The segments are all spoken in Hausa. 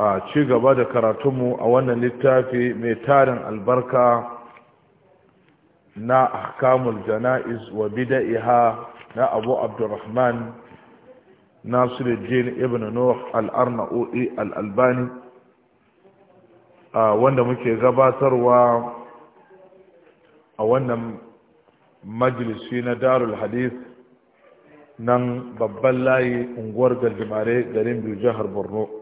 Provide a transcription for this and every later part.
a ci gaba da karatunmu a wannan littafi mai tarin albarka na ahkamul jana'iz wa bida'iha na abu abdurrahman nasiruddin ibn nuh al-arnaudi al-albani wanda muke gabatarwa a wannan majalisi na darul hadith nan babban layi unguwar galdimare garin biyu jihar borno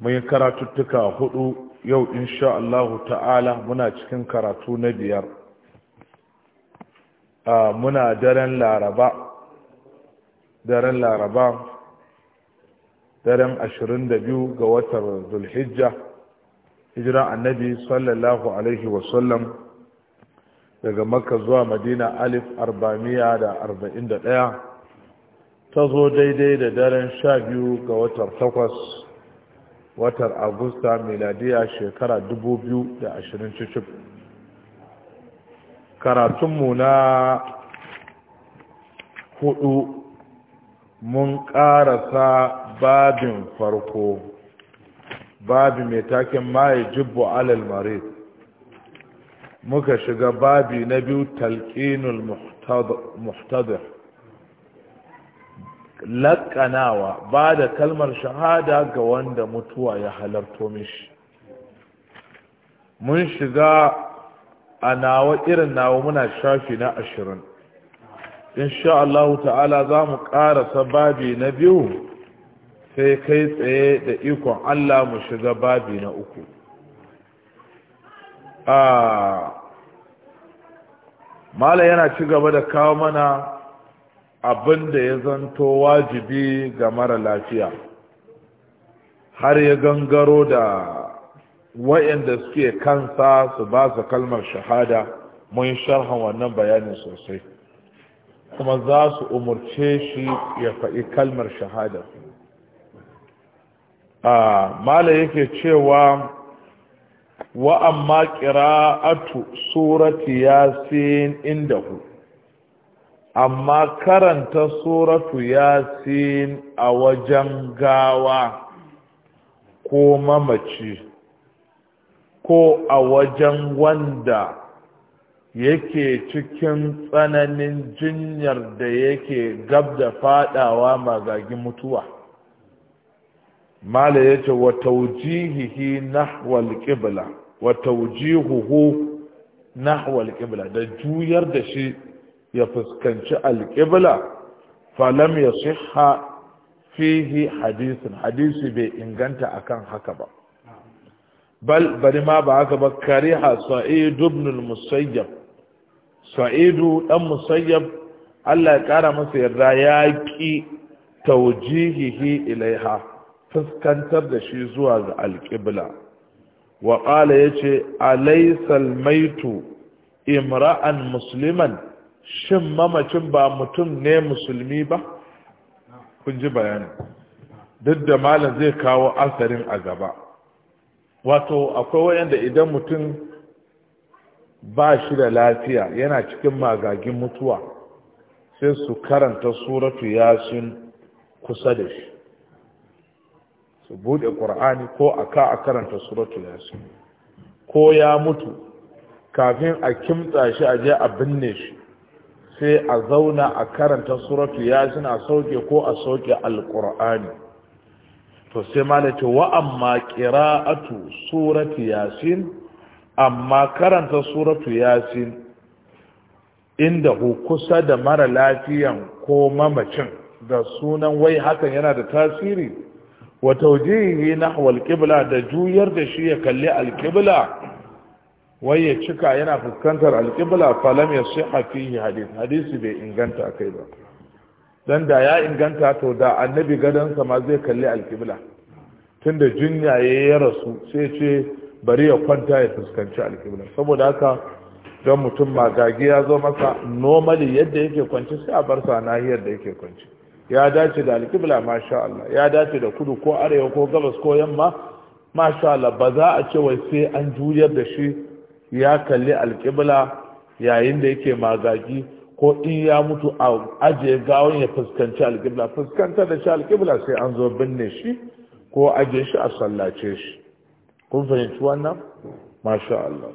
mai karatuttuka hudu yau insha Allah ta'ala muna cikin karatu na biyar muna daren laraba daren laraba daren 22 ga watan zulhijja hijira annabi sallallahu alaihi wasallam daga makka zuwa madina alif arba'amiya da arba'in da ɗaya ta zo daidai da daren sha biyu ga watan takwas Watar agusta miladiya shekara da 2020 cikin. karatunmu na hudu mun karasa babin farko babi mai taken maye jibbo alal mare muka shiga babi na biyu talqinul muhtadir laƙanawa ba da kalmar shahada ga wanda mutuwa ya halarto mishi mun shiga a nawa irin nawa muna shafi na ashirin insha Allah ta'ala za mu ƙarasa babi na biyu sai kai tsaye da ikon Allah mu shiga babi na uku a ah, mala yana ci gaba da kawo mana abin da ya zanto wajibi ga mara lafiya har ya gangaro da wayanda suke kansa su ba su kalmar shahada mun sharhan wannan bayanin sosai kuma za su umarce shi ya faɗi kalmar shahada a mala yake cewa wa amma ƙira'atu surati yasin ku. amma karanta suratu yasin a wajen gawa ko mamaci ko a wajen wanda yake cikin tsananin jinyar da yake gab da fadawa magagin mutuwa mala ya ce wa taujihihi nahwal qibla wa taujihuhu nahwal qibla da juyar da shi ya fuskanci alƙibla falam ya siha fihi hadisin hadisi bai inganta akan haka ba bal bari ma ba haka ba kariha sa'idu ibn musayyab sa'idu dan musayyab Allah ya kara masa yarda ya ki tawjihihi ilaiha fuskantar da shi zuwa ga alƙibla wa ya yace alaysa almaitu imra'an musliman shin mamacin ba mutum ne musulmi ba kun ji bayani duk da malam zai kawo asarin a gaba wato akwai wayanda idan mutum ba shi da lafiya yana cikin magagin mutuwa sai su karanta suratu yasin kusa da shi su bude ƙur'ani ko a ka a karanta suratu yasin ko ya mutu kafin a kimtsa shi a je a binne shi sai a zauna a karanta suratu yasin a sauke ko a sauke alkur'ani to sai ce wa amma ƙira'atu suratu yasin amma karanta suratu yasin inda ku kusa da mara lafiyan ko mamacin da sunan wai hakan yana da tasiri wa tawjihi nahwa alqibla da juyar da shi ya kalli alqibla wai ya cika yana fuskantar alƙibla falam ya shi hafihi hadis hadisi bai inganta a kai ba dan da ya inganta to da annabi gadonsa ma zai kalli alƙibla tunda jinya ya rasu sai ce bari ya kwanta ya fuskanci alƙibla saboda haka don mutum magagi ya zo masa normally yadda yake kwanci sai a bar sa nahiyar da yake kwanci ya dace da alƙibla masha Allah ya dace da kudu ko arewa ko gabas ko yamma masha Allah ba za a ce wai sai an juyar da shi ya kalli alƙibla yayin da yake magagi ko in ya mutu a ajiye gawon ya fuskanci alƙibla fuskantar da shi alƙibla sai an zo binne shi ko ajiye shi a sallace shi kun fahimci wannan masha Allah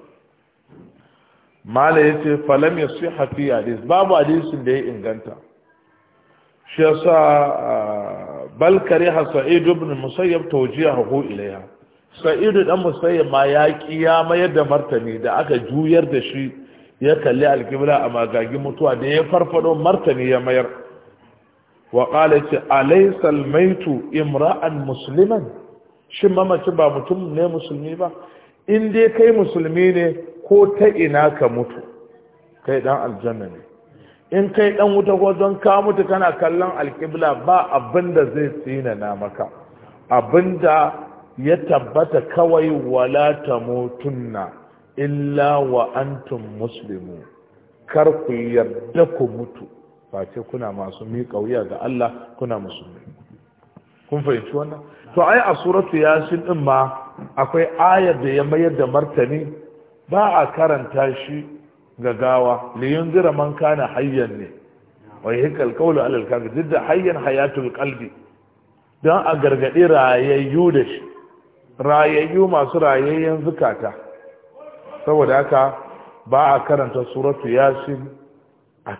mala ya ce falam ya hafi hadis babu hadisin da ya inganta shi yasa balkari hasa'id ibn musayyab tawjihahu ilaiha sa'idu dan musayyib ma ya kiya mayar da martani da aka juyar da shi ya kalli alkibla a magagin mutuwa da ya farfado martani ya mayar wa qala ce alaysa almaytu imra'an musliman shin mamaci ba mutum ne musulmi ba in dai kai musulmi ne ko ta ina ka mutu kai dan aljanna ne in kai dan wuta ko don ka mutu kana kallon alkibla ba abinda zai tsina na maka abinda ya tabbata kawai wala ta mutunna illa wa antum muslimu kar ku yarda ku mutu face kuna masu miƙa wuya ga Allah kuna musulmi kun fahimci wannan to ai a suratu yasin din ma akwai ayar da ya mayar da martani ba a karanta shi ga gawa li yunzira man kana hayyan ne wa yahkal qawlu ala al-kafir didda hayyan hayatul qalbi dan a gargadi rayayyu da shi rayayyu masu rayayyen zukata saboda haka ba a karanta suratu yasin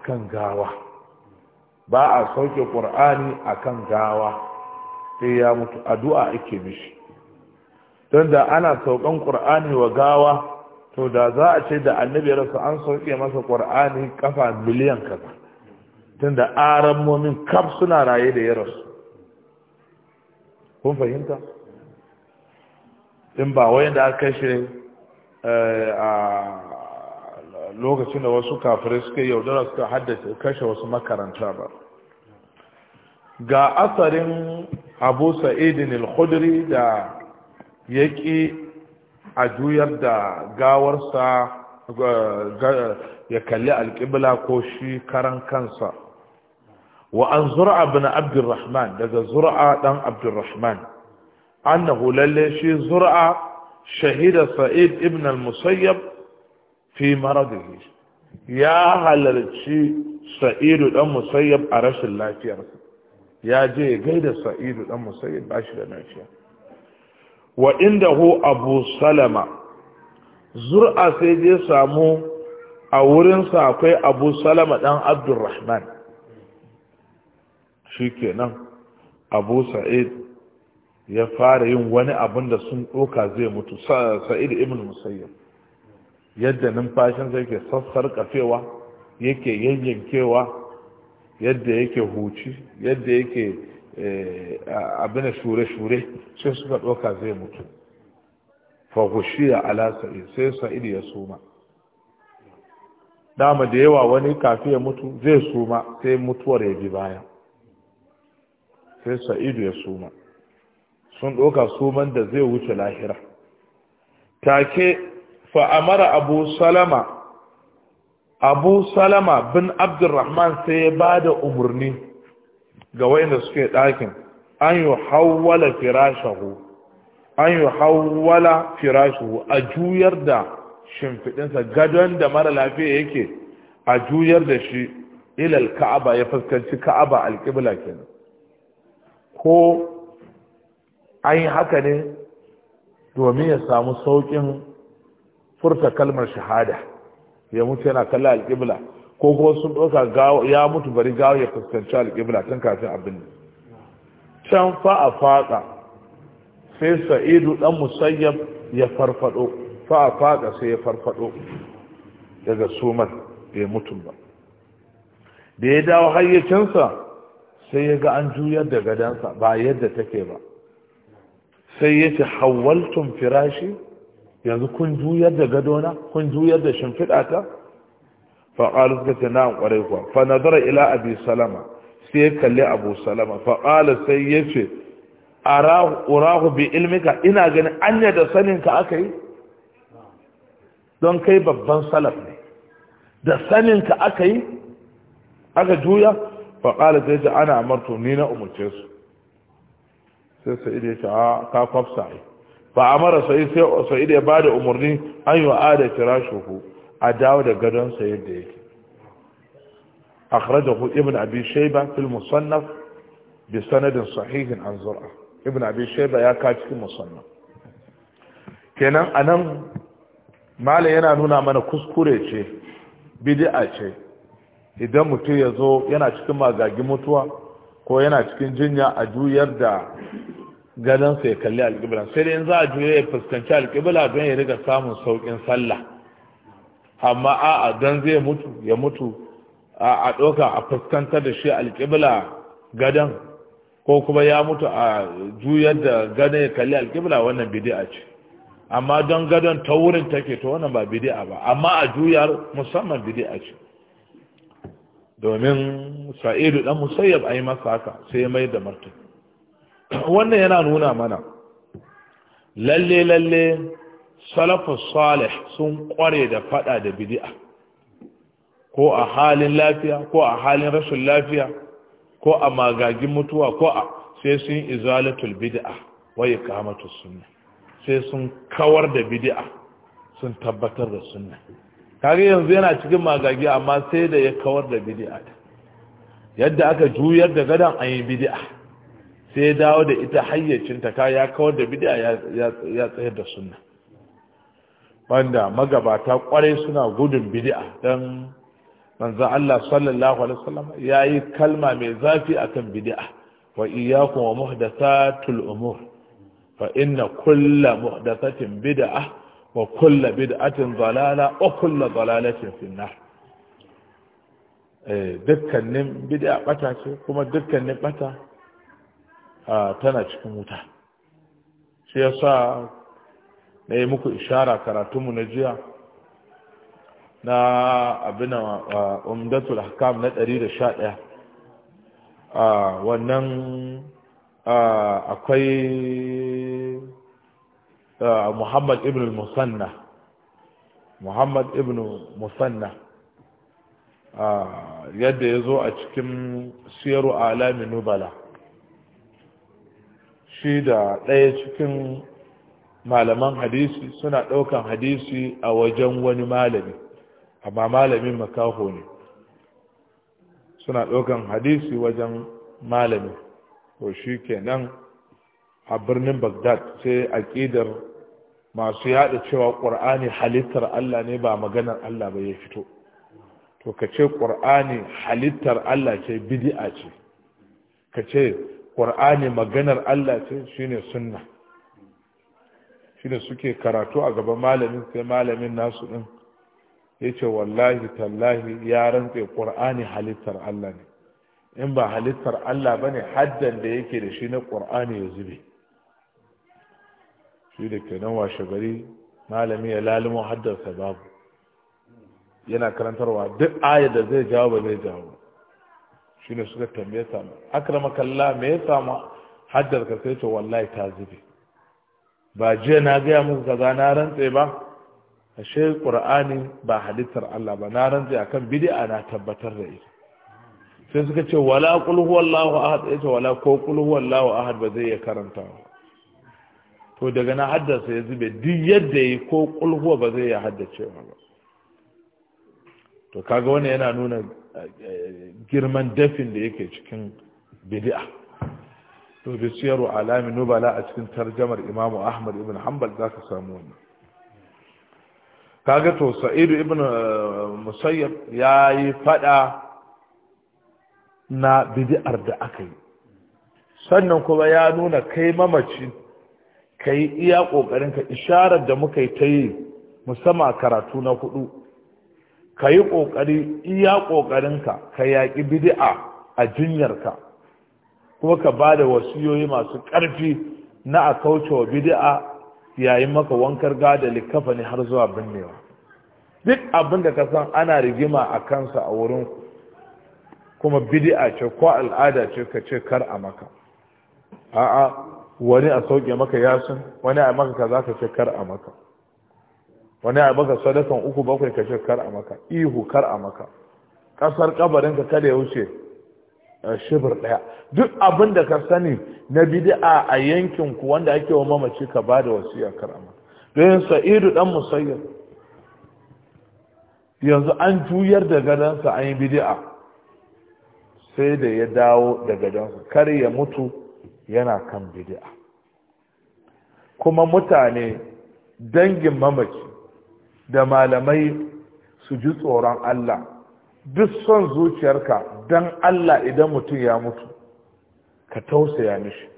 kan gawa ba a sauke ƙur'ani kan gawa sai ya mutu addu'a ake mishi don da ana saukan ƙur'ani wa gawa to da za a ce da annabi rasu an sauke masa ƙur'ani kafa miliyan kaza tun da aran kaf suna raye da ya rasu kun fahimta in ba wayan da aka kashe eh, a lokacin da wasu kafirai suka yi yaudara suka haddace kashe wasu makaranta ba ga asarin abu sa'idin al-khudri da yaƙi a juyar da gawarsa ya kalli alƙibla ko shi karan kansa wa an zura abdurrahman daga zura dan abdurrahman an lalle shi zur'a shahida sa'id ibn al-musayyab fi ya halarci sa'idu dan musayyab a rashin lafiyarsa ya je gaida sa'idu dan musayyab ba shi da lafiya wa indahu abu salama zur'a sai je samu a wurinsa akwai abu salama dan abdurrahman shi kenan abu sa'id ya fara yin wani abin da sun ɗoka zai mutu sa'id ibn musayyib yadda numfashinsa yake sassar kafewa yake yayyankewa yadda yake huci yadda yake eh, abin shure-shure sai suka ɗoka zai mutu fahushiya ala sa'id sai sa'id ya suma dama da yawa wani kafi ya mutu zai suma sai mutuwar ya bi baya sai sa'idu ya suma sun ɗauka suman da zai wuce lahira take fa'amara abu salama abu salama bin abdurrahman sai ya ba da umurni ga wayanda suke ɗakin an yi hawwala firashahu an yi hawwala firashahu a juyar da shimfiɗinsa gadon da mara lafiya yake a juyar da shi ilal ka'aba ya fuskanci ka'aba alƙibla kenan ko an yi haka ne domin ya samu sauƙin furta kalmar shahada ya mutu yana kalla alƙibla ko ko sun ɗauka ya mutu bari gawo ya fuskanci alƙibla tun kafin abin can fa a faɗa sai sa'idu ɗan musayyab ya farfaɗo fa a faɗa sai ya farfaɗo daga sumar ya mutu ba da ya dawo hayyacinsa sai ya ga an juyar da gadansa ba yadda take ba sai ya ce hawaltun firashi yanzu kun juyar da gadona kun juyar da shimfiɗata ta faƙalu suka ce na'am ƙwarai kuwa fa nazara ila abi salama sai ya kalli abu salama faƙalu sai ya ce a urahu bi ilmika ina ganin anya da saninka aka yi don kai babban salaf ne da saninka aka yi aka juya faƙalu sai ce ana amartu ni na umarce su sai sa'id ya ce a ka kwafsa fa amara sa'id sai sa'id ya bada umarni an yi ada firashuhu a dawo da gadon sa yadda yake akhrajahu ibn abi shayba fil musannaf bi sanadin sahihin an zur'a ibn abi shayba ya ka cikin musannaf kenan anan malam yana nuna mana kuskure ce bid'a ce idan mutum ya zo yana cikin magagi mutuwa ko yana cikin jinya a juyar da gadansa ya kalli alƙibla sai dai za a juya ya fuskanci alƙibla don ya riga samun sauƙin sallah amma a'a don zai mutu ya mutu a ɗauka a fuskantar da shi alƙibla gadon ko kuma ya mutu a juyar da gadon ya kalli alƙibla wannan bidi'a ce amma don gadon ta wurin take to wannan ba bidi'a ba amma a juyar musamman bidi'a ce domin sa'idu dan musayyab a yi masa haka sai ya mai da martani wannan yana nuna mana lalle lalle salafus salih sun kware da fada da bid'a ko a halin lafiya ko a halin rashin lafiya ko a magagin mutuwa ko a sai sun izalatul bid'a wa iqamatus sunnah sai sun kawar da bid'a sun tabbatar da sunnah kage yanzu yana cikin magagi amma sai da ya kawar da bid'a yadda aka juyar da gadan an bid'a sai dawo da ita hayyacinta ka ya kawar da bidiya ya tsayar da sunna wanda magabata kwarai suna gudun bidiya don manzan Allah sallallahu alaihi wasallam yayi kalma mai zafi akan bidiya wa iyyakum wa muhdathatul umur fa inna kulla muhdathatin bid'a wa kulla bid'atin dalala wa kulla dalalatin finnar eh, dukkanin bid'a bata ce kuma dukkanin bata tana cikin wuta shi ya sa na yi muku ishara karatunmu na jiya na abin da umdatul hakam na 111 wannan akwai muhammad ibn musanna muhammad ibn musanna yadda ya zo a cikin siyaru alamin nubala shi da ɗaya cikin malaman hadisi suna ɗaukan hadisi a wajen wani malami amma malamin makaho ne suna ɗaukan hadisi wajen malami Ko shi kenan a birnin bagdad sai aƙidar masu yada cewa ƙur'ani halittar allah ne ba maganar allah ba ya fito to ka ce ƙur'ani halittar allah ce bidi'a ce ka ce ƙur'ani maganar Allah ce shine sunna shine suke karatu a gaban malamin sai malamin nasu ɗin, ya ce wallahi tallahi ya rantse ƙur'ani halittar Allah ne in ba halittar Allah bane haddan da yake da shi na Qur'ani ya zube shi da kenan washe gari malami ya lalimo haddarsa babu yana karantarwa duk ayar da zai jawo ba zai jawo ne suka tambaye ta akrama kalla me ya samu haddar ka sai ce wallahi ta zube ba jiya na gaya musu kaza na rantse ba ashe qur'ani ba halittar Allah ba na rantse akan bid'a na tabbatar da ita sai suka ce wala qul huwallahu ahad ce wala ko qul huwallahu ahad ba zai iya karanta to daga na haddasa ya zube duk yadda yi ko qul huwa ba zai iya haddace ba to kaga wannan yana nuna girman dafin da yake cikin bid'a to bi siyaru alami nubala a cikin tarjamar imamu ahmad ibn hanbal za ka samu wannan kaga to sa'idu ibn eh, musayyab ya yi fada na bidi'ar da aka yi sannan kuma ya nuna kai mamaci ka yi iya ka isharar da muka yi ta yi musamman karatu na hudu ka yi ƙoƙari iya ƙoƙarinka ka yaƙi bidi'a a jinyarka kuma ka ba da wasiyoyi masu ƙarfi na a kaucewa bid'a yayin maka wankar gada ne har zuwa binnewa duk abin da ka san ana rigima a kansa a wurin kuma bid'a ce ko al'ada ce ka ce kar a maka a'a wani a sauke maka yasin wani a maka kaza ka ce kar a maka wani a baka sadakan uku bakwai ka ce kar a maka ihu kar a maka kasar kabarin ka kada ya wuce eh, shibir daya duk abin da ka sani na bidi'a a yankin ku wanda ake wa mamaci ka bada wasiya kar a maka don sa'idu dan musayyar yanzu an juyar da gadansa an yi bid'a sai da ya dawo da gadansa kar ya mutu yana kan bidi'a kuma mutane dangin mamaci da malamai su ji tsoron Allah duk son zuciyarka don Allah idan mutum ya mutu ka tausaya mishi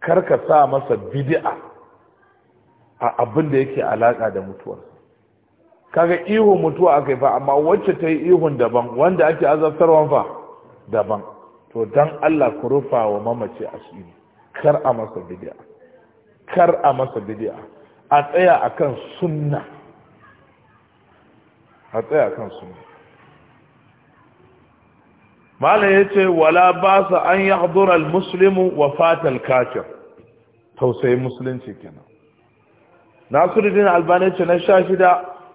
kar ka sa masa bidi'a a abin da yake alaka da mutuwar kaga ihun mutuwa aka yi fa amma wacce ta yi ihun daban wanda ake azabtarwa fa daban to don Allah ku rufa wa mamace asiri kar a masa bidi'a. kar a masa bid'a a tsaya akan sunna a tsaya kan su mala ya ce wala ba su an yi hadurar musulmi wa fatal kafir tausayin musulunci kenan nasiruddin albani ce na sha shida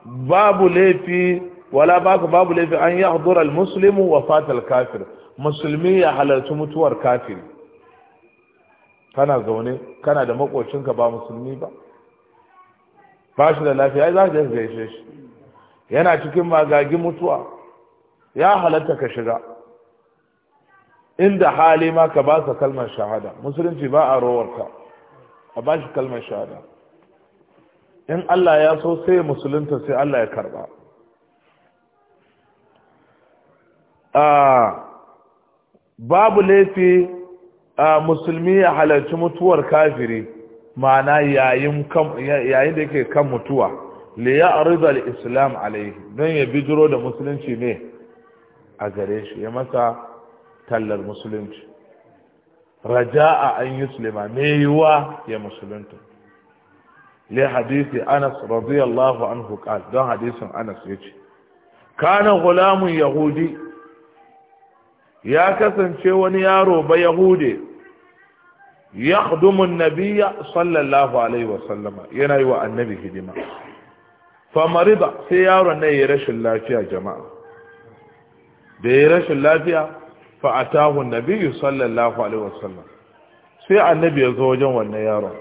babu laifi wala ba su babu laifi an yi hadurar musulmi wa fatal kafir musulmi ya halarci mutuwar kafiri kana zaune kana da makocinka ba musulmi ba ba shi da lafiya ai za ka je ka shi yana cikin magagi mutuwa ya halatta ka shiga inda hali ma ka ba sa kalmar shahada musulunci ba a rowarka a ba shi kalmar shahada in Allah ya so sai musulunta sai Allah ya karba babu laifi a musulmi ya halarci mutuwar kafiri ma'ana yayin da yake kan mutuwa li ya'rida al-islam alayhi don ya bijiro da musulunci ne a gare shi ya masa tallar musulunci raja'a an yuslima me ya musulunta le hadisi Anas radiyallahu anhu qal don hadisin Anas yace kana gulamun yahudi ya kasance wani yaro ba yahude ya nabiya sallallahu alaihi wasallama yana yi wa annabi hidima ba sai yaron na yi rashin lafiya jama'a da ya rashin lafiya na biyu sallallahu alaihi wasallam sai annabi ya zo wajen wannan yaron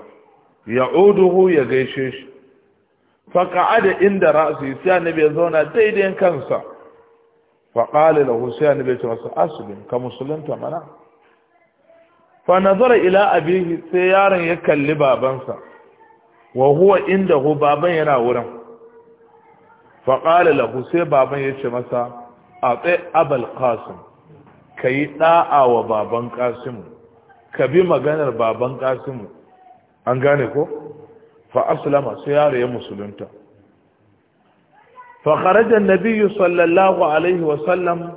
ya uduhu ya gaishe shi faƙa'ada inda ra'asi sai annabi ya zauna daidai kansa faƙali da hussai annabi ya ce masa asibin ka musulunta mana fa nazara ila abihi sai yaron ya kalli babansa wa huwa inda hu baban yana wurin faƙali lahu sai baban ya ce masa a tsaye abal kasim ka yi ɗa'a wa baban kasimu ka bi maganar baban kasimu an gane ko fa'asulama sai yaro ya musulunta faƙarajen nabiyu sallallahu alaihi wasallam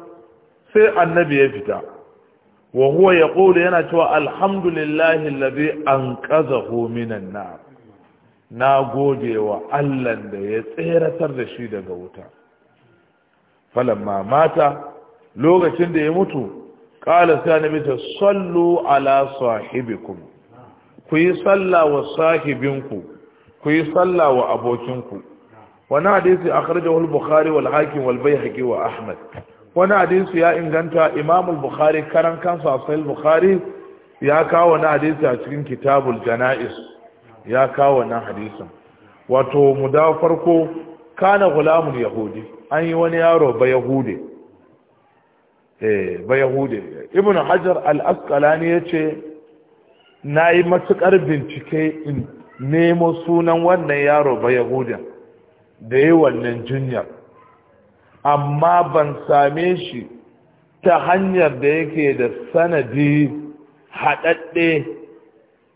sai annabi ya fita wa huwa ya ƙoli yana cewa alhamdulillahi labi an ƙazahu minan na'am na gode wa allan da ya tseratar da shi daga wuta falamma mata lokacin da ya mutu ƙala sai annabi ta sallu ala sahibikum ku yi salla wa sahibinku ku yi salla wa abokinku wani hadisi akhrajahu al-bukhari wal hakim wal baihaqi wa ahmad wani hadisi ya inganta imam al-bukhari karan kansa sai al-bukhari ya kawo wani hadisi a cikin kitabul jana'iz. ya kawo wannan hadisin wato mu da farko kana gulamun yahudi an yi wani yaro ba yahude eh, ba yahude ibn hajar al-asqalani yace nayi matukar bincike in nemo sunan wannan yaro ba yahudan da yi wannan jinyar amma ban same shi ta hanyar da yake da sanadi haɗaɗɗe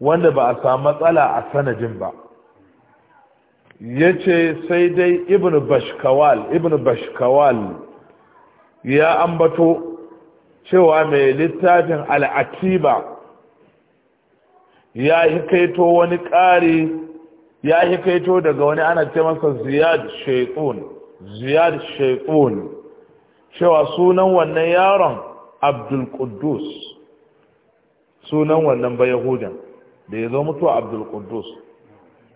wanda ba a samu matsala a sanadin ba ya ce sai dai ibn bashkawal ibn bashkawal ya ambato cewa mai littafin ba ya hikaito wani ƙari ya hikaito daga wani ana ce masa ziyad shekun ziyad cewa sunan wannan yaron abdul sunan wannan bayahudan da ya zo mutuwa abdul quddus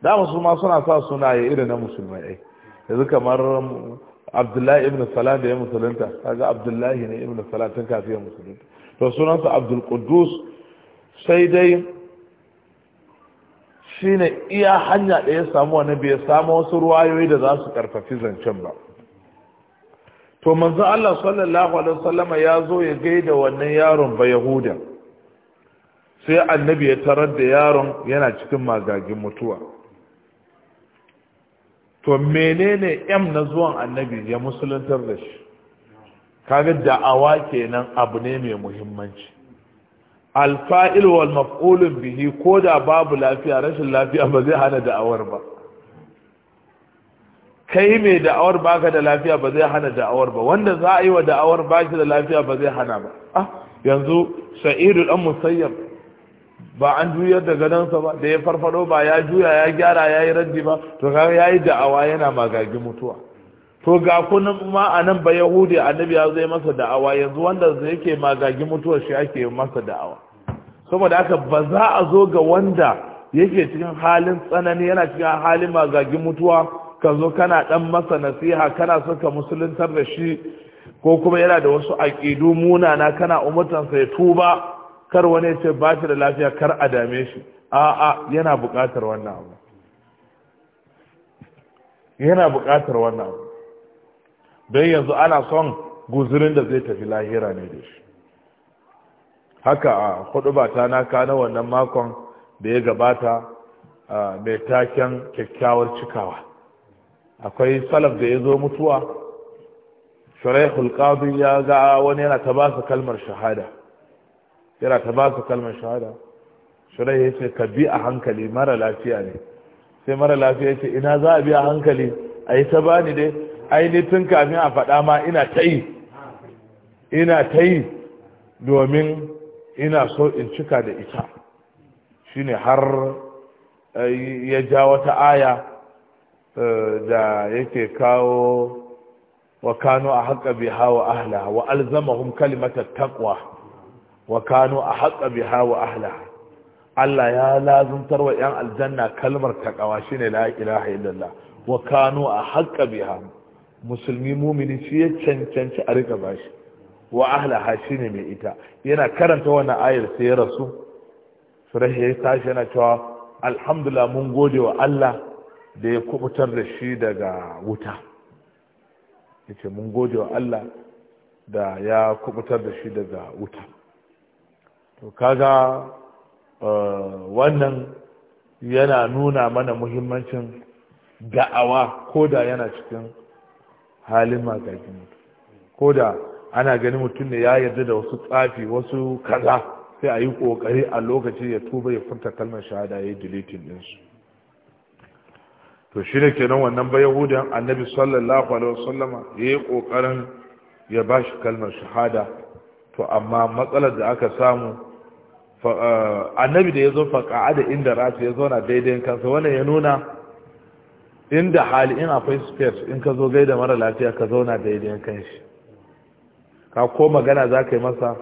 da musulma suna sa sunaye irin na musulmai ai yanzu kamar abdullahi ibn salam da ya musulunta kaga abdullahi ne ibn salam tun kafin ya musulunta to sunansa abdul kudus sai dai shine iya hanya da ya samu wani bai samu wasu ruwayoyi da za su karfafi zancen ba to manzo Allah sallallahu alaihi wasallama ya zo ya gaida wannan yaron ba yahuda sai annabi ya tarar da yaron yana cikin magagin mutuwa to menene yam na zuwan annabi ya musuluntar da shi kaga da'awa kenan abu ne mai muhimmanci alfa'il wal maf'ulun bihi ko da babu lafiya rashin lafiya ba zai hana da'awar ba kai mai da'awar baka da lafiya ba zai hana da'awar ba wanda za a yi wa da'awar baki da lafiya ba zai hana ba ah yanzu sa'idu dan musayyab ba an juyar da gadonsa ba da ya farfado ba ya juya ya gyara ya yi raddi ba to kaga ya yi da'awa yana magagi mutuwa to ga kunan ma a nan ba yahudi annabi ya zai masa da'awa yanzu wanda yake magagi mutuwa shi ake masa da'awa saboda haka ba za a zo ga wanda yake cikin halin tsanani yana cikin halin magagin mutuwa ka zo kana dan masa nasiha kana saka musuluntar da shi ko kuma yana da wasu aƙidu munana kana umurtansa ya tuba kar wani ce ba shi da lafiya kar a dame shi a'a yana buƙatar wannan abu yana buƙatar wannan abu don yanzu ana son guzurin da zai tafi lahira ne da shi haka a hudu ta na kana wannan makon da ya gabata mai taken kyakkyawar cikawa akwai salaf da ya zo mutuwa shirai Hulƙadun ya ga wani yana ta ba su kalmar shahada yana ta ba su kalmar shahada shirai ya ce ka bi a hankali mara lafiya ne sai mara lafiya ce ina za a bi a hankali a yi ta bani dai aini tun kafin a faɗa ma ina ta yi ina ta yi domin ina so in cika da ita shine har eh, ya ja wata aya eh, da yake kawo wa kano a haƙa bi hawa ahla wa alzamahum kalimatar takwa. wa kanu a haƙa biha hawa ahla Allah ya lazuntar wa ‘yan aljanna kalmar takawa shi ne la ilaha illallah wa kanu a haƙa biha musulmi mumini shi ya cancanci a rika shi wa ha shi ne mai ita yana karanta wani ayar sai ya rasu surahi ya tashi yana cewa alhamdulillah mun gode wa Allah da ya kubutar da shi daga wuta yace mun gode wa Allah da ya kubutar da shi daga wuta to kaga uh, wannan yana nuna mana muhimmancin da'awa ko da yana cikin halin magagi ko da ana ganin mutum ne ya yarda da wasu tsafi wasu kaza sai a yi kokari a lokaci ya tuba ya furta kalmar shahada ya yi deletin ɗinsu to shi ne kenan wannan ba yahudan annabi sallallahu alaihi wasallama ya yi kokarin ya ba shi kalmar shahada to amma matsalar da aka samu annabi da ya zo faƙa'a da inda rasu ya zauna daidai kansa wannan ya nuna inda hali in akwai space in ka zo gai da mara lafiya ka zauna daidai kanshi ka ko magana za ka yi masa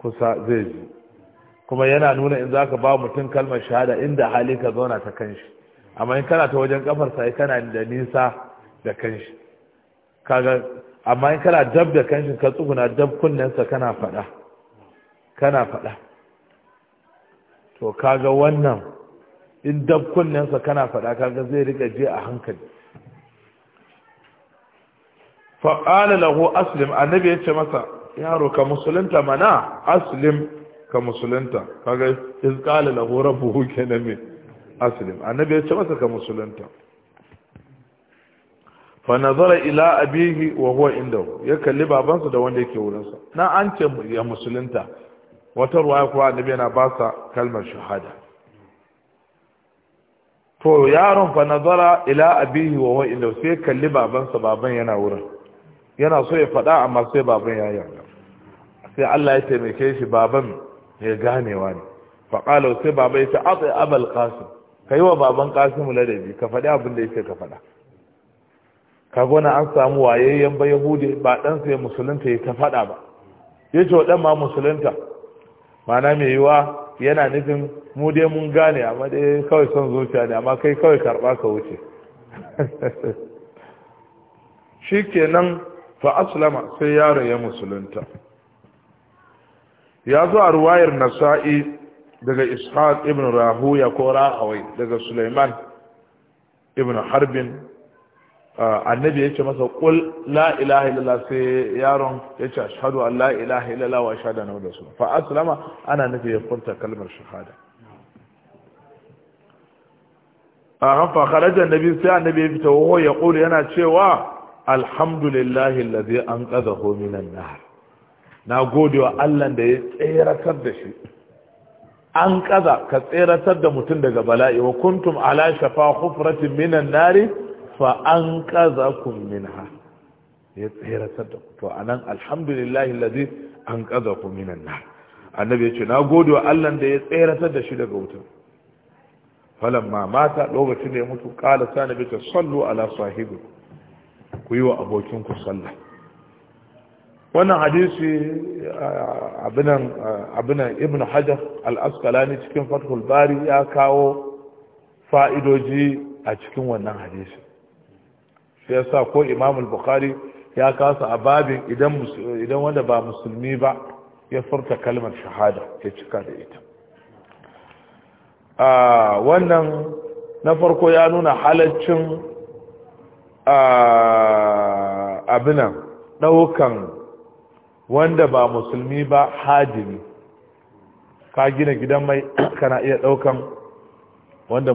kusa zai ji kuma yana nuna in za ka ba mutum kalmar shahada inda hali ka zauna ta kanshi amma in kana ta wajen kafarsa ya kana da nisa da kanshi kaga amma in kana dab da kanshi ka tsuguna dab kunnensa kana faɗa kana faɗa to kaga wannan in dab kunnensa kana faɗa kaga zai rika je a hankali qala lahu aslim annabi yace ce masa yaro ka musulunta mana aslim ka musulunta kaga iz qala lahu rabbuhu kana min aslim annabi yace ce masa ka musulunta fa nazara ila abeehi wa huwa indahu ya kalli babansa da wanda yake wurinsa na an ce ya musulunta wata ya kuwa annabi yana ba sa kalmar shahada to yaron fa nazara ila abihi wa huwa inda sai kalli babansa baban yana wurin yana so ya faɗa amma sai baban ya yarda sai Allah ya taimake shi baban ya ganewa ne fa qala sai baba ya ce ati abul qasim yi wa baban qasim ladabi ka faɗi abin da yake ka faɗa ka gona an samu wayayyen ba yahudi ba dan ya musulunta ya ta faɗa ba yace wa dan ma musulunta mana mai yiwa yana nufin mu dai mun gane amma dai kawai son zuciya ne amma kai kawai karɓa ka wuce shi kenan fa aslama sai yaro ya musulunta ya zo a ruwayar nasa'i daga ishaq ibn rahuya ko rahawai daga suleiman ibn harbin annabi ya ce masa kul la ilaha illallah sai yaron ya ce ashhadu an la ilaha illallah wa ashhadu anna muhammadar rasulullah fa aslama ana nufi ya furta kalmar shahada a hafa kharaja annabi sai annabi ya fita wa ya kula yana cewa alhamdulillahi allazi anqadhahu minan nar na gode wa Allah da ya tseratar da shi an kaza ka tseratar da mutum daga bala'i wa kuntum ala shafa khufratin minan nari fa an qazakum minha ya tsere sadda to anan alhamdulillahi allazi an qazakum minan nar annabi ya ce na gode wa Allah da ya tsira da shi daga falan ma mata lokacin da ya mutu kala sani ta sallu ala sahibi ku yi wa ku sallah wannan hadisi abinan ibn hajar al'askalani cikin fathul bari ya kawo fa'idoji a cikin wannan hadisi shi yasa ko imam bukhari ya kasa a babin idan wanda ba musulmi ba ya furta kalmar shahada ya cika da ita a ah, wannan na farko ya nuna halaccin ah, abinan daukan wanda ba musulmi ba hadimi ka gina gidan mai kana iya ɗaukan wanda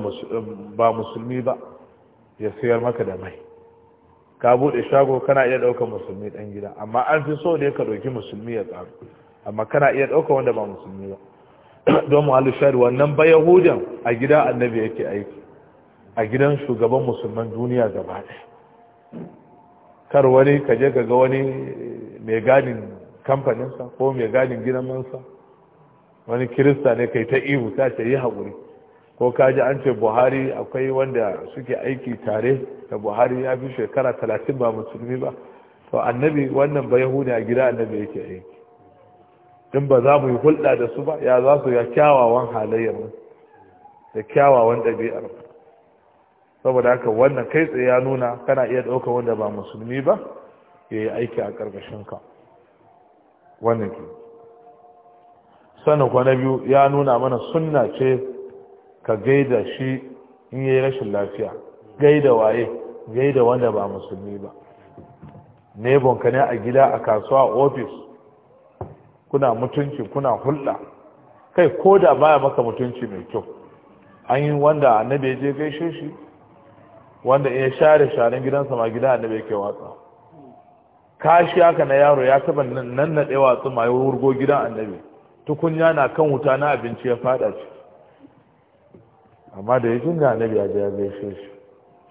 ba musulmi ba ya sayar maka da mai ka buɗe shago kana iya ɗaukar musulmi ɗan gida amma an fi so dai ka ɗauki musulmi ya tsaro amma kana iya ɗaukar wanda ba musulmi ba don muhallu shari wannan ba yahudan a gida annabi yake aiki a gidan shugaban musulman duniya gaba ɗaya kar wani ka je ga wani mai gadin kamfaninsa ko mai gadin gidan mansa wani kirista ne kai ta ihu ta ce yi haƙuri ko kaji an ce buhari akwai wanda suke aiki tare da buhari ya fi shekara talatin ba musulmi ba to annabi wannan ba yahudi a gida annabi yake aiki in ba za mu yi hulɗa da su ba ya za su ya kyawawan halayyar mu da kyawawan ɗabi'ar mu saboda haka wannan kai tsaye ya nuna kana iya ɗaukar wanda ba musulmi ba ya yi aiki a ƙarƙashin ka wannan ke sannan na biyu ya nuna mana sunna ce ka gaida shi in yi rashin lafiya gaida waye gaida wanda ba musulmi ba bonka ne a gida a kasuwa ofis kuna mutunci kuna hulɗa kai ko da baya maka mutunci mai kyau an yi wanda annabi ya je gaishe shi wanda ya share sharen gidansa ma gida annabi ke watsa kashi haka na yaro ya taba nan na watsu ma ya wurgo gidan annabi tukunya na kan wuta na abinci ya fada ciki amma da yakin ga annabi ya je ya gaishe shi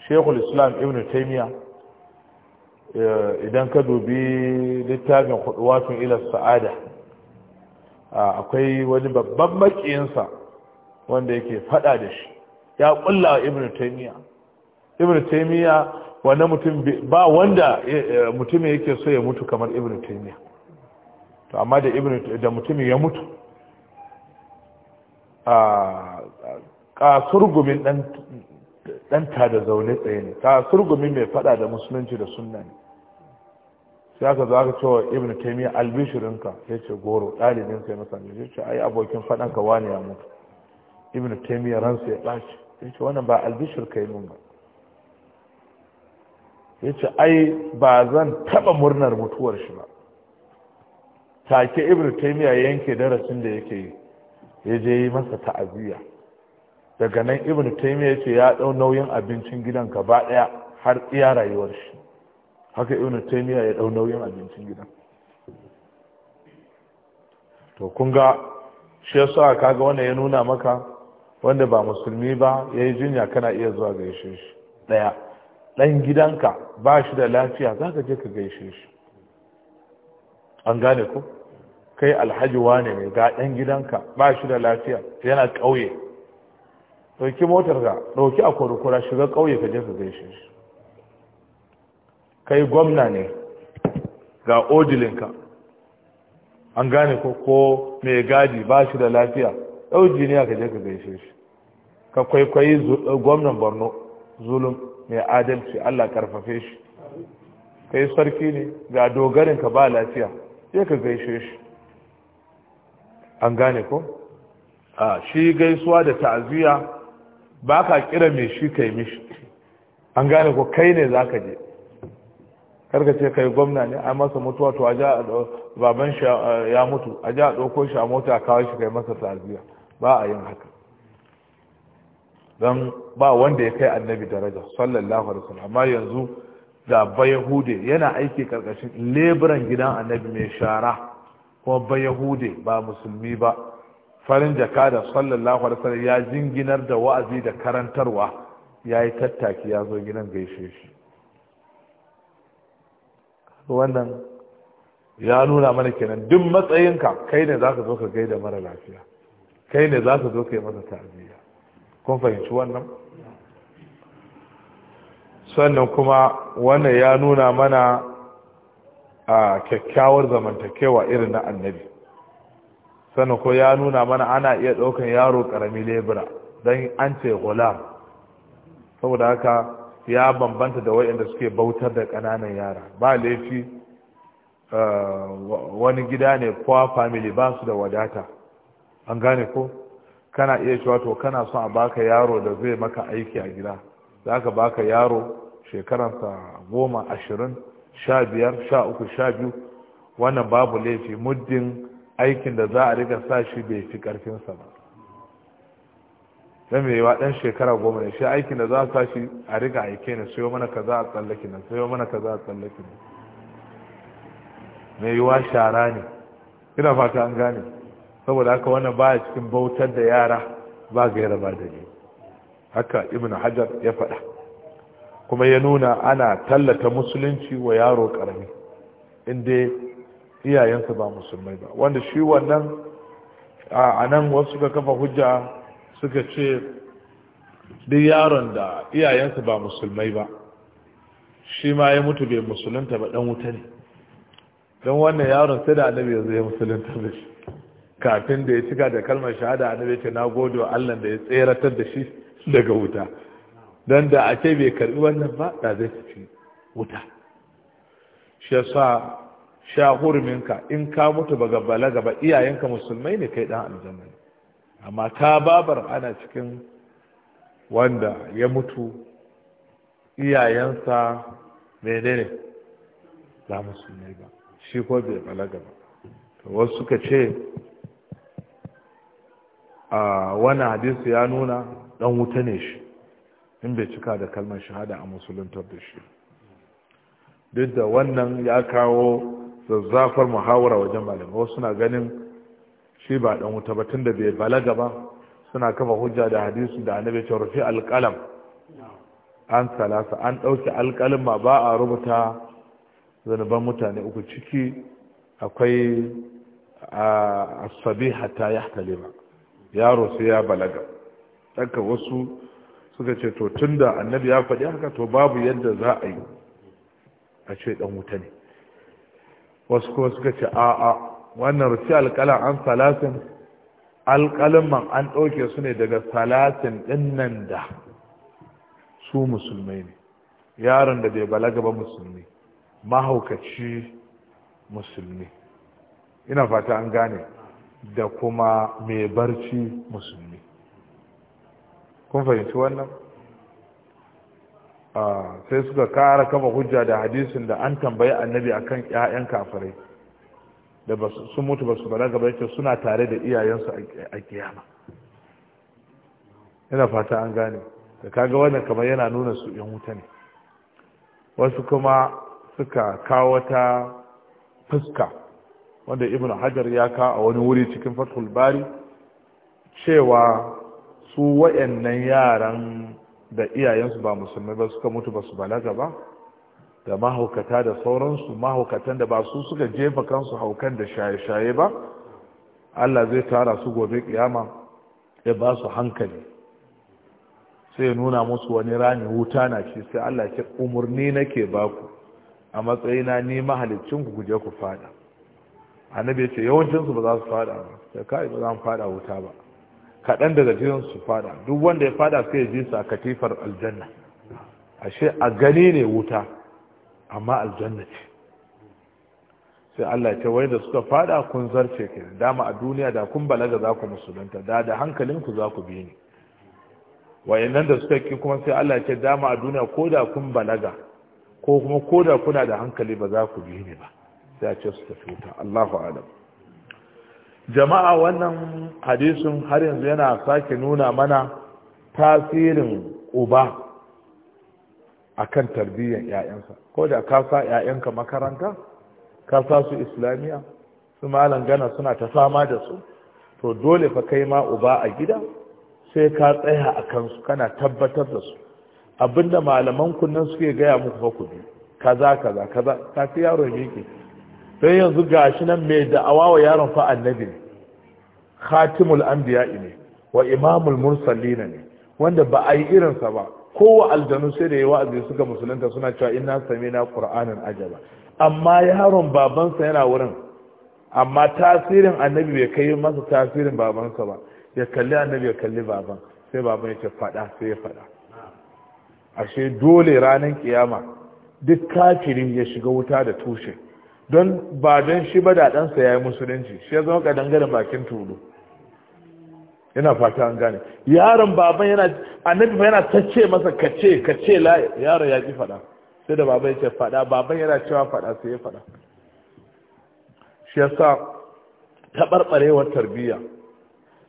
shekul islam ibn taimiya eh, idan ka dubi littafin huduwatun ila sa'ada akwai wani babban makiyinsa wanda yake fada da shi ya kulla ibn taimiya ibn taimiya wani mutum ba wanda eh, eh, mutum yake so ya mutu kamar ibn taimiya to amma da ibn da mutum ya mutu a kasurgumin dan ta da zaune tsaye ne kasurgumin mai fada da musulunci da sunna ne sai aka zo aka cewa ibn taymiya albishirinka ya ce goro ɗalibin sai masa ne ya ce ai abokin fadan ka wani ya mutu ibn taymiya ransa ya ɓaci ya ce wannan ba albishir kai mun ba ya ce ai ba zan taɓa murnar mutuwar shi ba take ibn taymiya yanke darasin da yake yi ya je yi masa ta'aziyya daga nan ibn taymiya ce ya dau nauyin abincin gidan gaba daya har iya rayuwar shi haka ibn taymiya ya dau nauyin abincin gidan to kun ga shi yasa kaga wannan ya nuna maka wanda ba musulmi ba yayi jinya kana iya zuwa gaishe shi daya dan gidanka ba shi da lafiya zaka je ka gaishe shi an gane ko kai alhaji wane ne ga dan gidanka ba shi da lafiya yana kauye ɗauki motar ga ɗauki a kurkura shiga ƙauye ka je ka gaishe shi kai gwamna ne ga ojilinka an gane ko ko mai gadi ba shi da lafiya ɗauji ne ka je ka gaishe shi ka kwaikwayi eh, gwamnan borno zulum mai adalci allah karfafe shi kai sarki ne ga dogarinka ba lafiya je ka gaishe shi an gane ko a shi gaisuwa da ta'aziyya ba ka kira mai shi ka yi mishi an gane ko kai ne za ka je karka ce kai gwamna ne a masa mutuwa to a ja a baban shi ya mutu a ja a ɗauko shi a mota a kawo shi kai masa tarbiyya ba a yin haka don ba wanda ya kai annabi daraja sallallahu alaihi wasallam amma yanzu da bayahude yana aiki karkashin leburan gidan annabi mai shara kuma bayahude ba musulmi ba farin jaka da sallallahu alaihi wasallam ya jinginar da wa'azi da karantarwa ya yi tattaki ya zo gidan gaishe shi wannan ya nuna mana kenan duk matsayinka kai ne za ka zo ka gaida mara lafiya kai ne za ka zo ka yi masa ta'aziyya kun fahimci wannan sannan kuma wannan ya nuna mana a kyakkyawar zamantakewa irin na annabi sannan ko ya nuna mana ana iya ɗaukan yaro ƙarami lebura don an ce gulam saboda haka ya bambanta da waɗanda suke bautar da ƙananan yara ba laifi eh, wani gida ne kowa family ba su da wadata an gane ko kana iya cewa to kana son a baka yaro da zai maka aiki a gida za ka baka yaro shekaransa goma ashirin sha biyar sha uku sha biyu wannan babu laifi muddin aikin da za a riga sa shi bai fi karfinsa ba don mai dan shekara goma ne shi aikin da za a sa shi a riga aike ne sai mana za a tsallake nan sai mana kaza a tsallaki nan mai yiwa shara ne ina fata an gane saboda haka wannan ba cikin bautar da yara ba gaira ba da ne haka ibn hajar ya faɗa kuma ya nuna ana tallata musulunci wa yaro ƙarami inda iyayensa ba musulmai ba wanda shi wannan a nan wasu ka kafa hujja suka ce duk yaron da iyayensa ba musulmai ba shi ma ya mutu bai musulunta ba dan wuta ne don wannan yaron sai da annabi ya zai musulunta da shi kafin da ya cika da kalmar shahada annabi ce na gode wa Allah da ya tseratar da shi daga wuta don da a bai karbi wannan ba da zai tafi wuta shi yasa sha ka in ka mutu ba ga balaga ba iyayenka musulmai ne kai dan aljanna amma ta babar ana cikin wanda ya mutu iyayensa menene ba musulmai ba shi ko bai balaga ba wasu suka ce a wani hadisi ya nuna dan wuta ne shi in bai cika da kalmar shahada a musulun da shi duk da wannan ya kawo zazzafar muhawara wajen malamai wasu na ganin shi ba dan wuta ba tunda bai balaga ba suna kafa hujja da hadisi da annabi ta rufe alqalam an salasa an dauki alqalin ma ba a rubuta zanuban mutane uku ciki akwai asabi hatta yahtalima yaro sai ya balaga daga wasu suka ce to tunda annabi ya faɗi haka to babu yadda za a yi a ce dan wuta ne wasu kuma suka ce a'a wannan rufi alƙalan an salatin man an ɗauke su ne daga salatin ɗin da su musulmai ne yaron da bai balaga ba musulmi mahaukaci musulmi ina fata an gane da kuma mai barci musulmi kun fahimci wannan Ah, sai suka kara kafa hujja da hadisin da an tambayi annabi akan ƴaƴan kafirai da sun mutu ba su balaga ba yake suna tare da iyayensu a kiyama ina fata an gane da kaga wannan kamar yana nuna su yan wuta ne wasu kuma suka kawo ta fuska wanda ibn hajar ya kawo a wani wuri cikin fatul bari cewa su wayannan yaran da iyayensu ba musulmai ba suka mutu ba su balaga ba da mahaukata da sauransu mahaukatan da ba su suka jefa kansu haukan da shaye-shaye ba Allah zai tara su gobe kiyama ya ba su hankali sai nuna musu wani rami wuta na shi sai Allah ce umarni nake baku a matsayina ni mahalicin ku guje ku fada annabi ya ce yawancinsu ba za su fada ba sai kai ba za mu fada wuta ba kaɗan daga cikin su fada duk wanda ya fada sai ya ji su a katifar aljanna ashe a gani ne wuta amma aljanna ce sai Allah ce wai da suka fada kun zarce ke dama a duniya da kun balaga za ku musulunta da da hankalinku za ku bi ni wayannan da suka ki kuma sai Allah ce dama a duniya ko da kun balaga ko kuma ko da kuna da hankali ba za ku bi ni ba sai a ce su tafi wuta Allahu a'lam jama'a wannan hadisin har yanzu yana sake nuna mana tasirin uba akan tarbiyyar 'ya'yansa ko da ka sa 'ya'yanka makaranta ka sa su islamiyya su malam gana suna ta fama da su to dole fa kai ma uba a gida sai ka tsaya a kansu kana tabbatar da su abinda malaman kunnan suke gaya muku fa ku bi kaza kaza kaza ta fi yaro miƙe sai yanzu gashi nan mai da'awa wa yaron fa annabi ne khatimul anbiya ne wa imamul mursalina ne wanda ba a yi irinsa ba kowa aljanu sai da ya wa'azi suka musulunta suna cewa inna samina qur'anan ajaba amma yaron babansa yana wurin amma tasirin annabi bai kai masa tasirin babansa ba ya kalli annabi ya kalli baban sai baban ya ce fada sai ya fada ashe dole ranar kiyama duk kafirin ya shiga wuta da tushe don ba don shi ba da ɗansa ya yi musulunci shi ya zama ƙadangaren bakin tulu yana fata an gane yaron baban yana annabi fa yana ta ce masa kace kace la yaro ya ji fada sai da baban ya ce fada baban yana cewa fada sai ya fada shi yasa taɓarɓarewar tarbiyya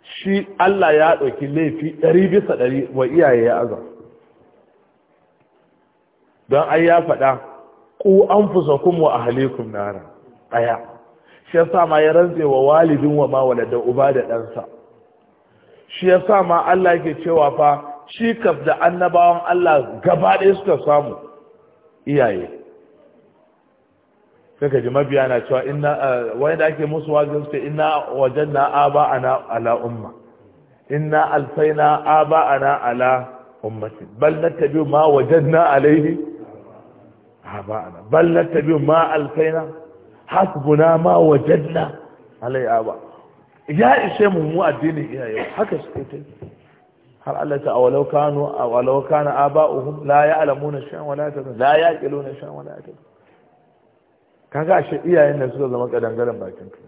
shi Allah ya ɗauki laifi ɗari bisa ɗari wa iyaye ya aza don ai ya faɗa ku anfusakum wa ahlikum nara aya shi ya sa ma ya rantse wa walidin wa ma walada uba da ɗansa shi ya sa ma Allah yake cewa fa shi kaf da annabawan Allah gaba ɗaya suka samu iyaye suka ji mabiya na cewa inna eh, wani da ake musu wajen suka inna wajen na aba ana ala umma inna alfaina aba ana ala ummati bal na ma wajen na alaihi aba'ana bal tabi ma alfaina hasbuna ma wajadna alai aba ya ishe mu mu addinin yau haka suke ta har Allah ta awalau kanu awalau kana aba'uhum la ya'lamuna shay'an wa la yatadun la yaqiluna shay'an wa la yatadun kaga ashe iyayen nan suka zama kadangaren bakin ka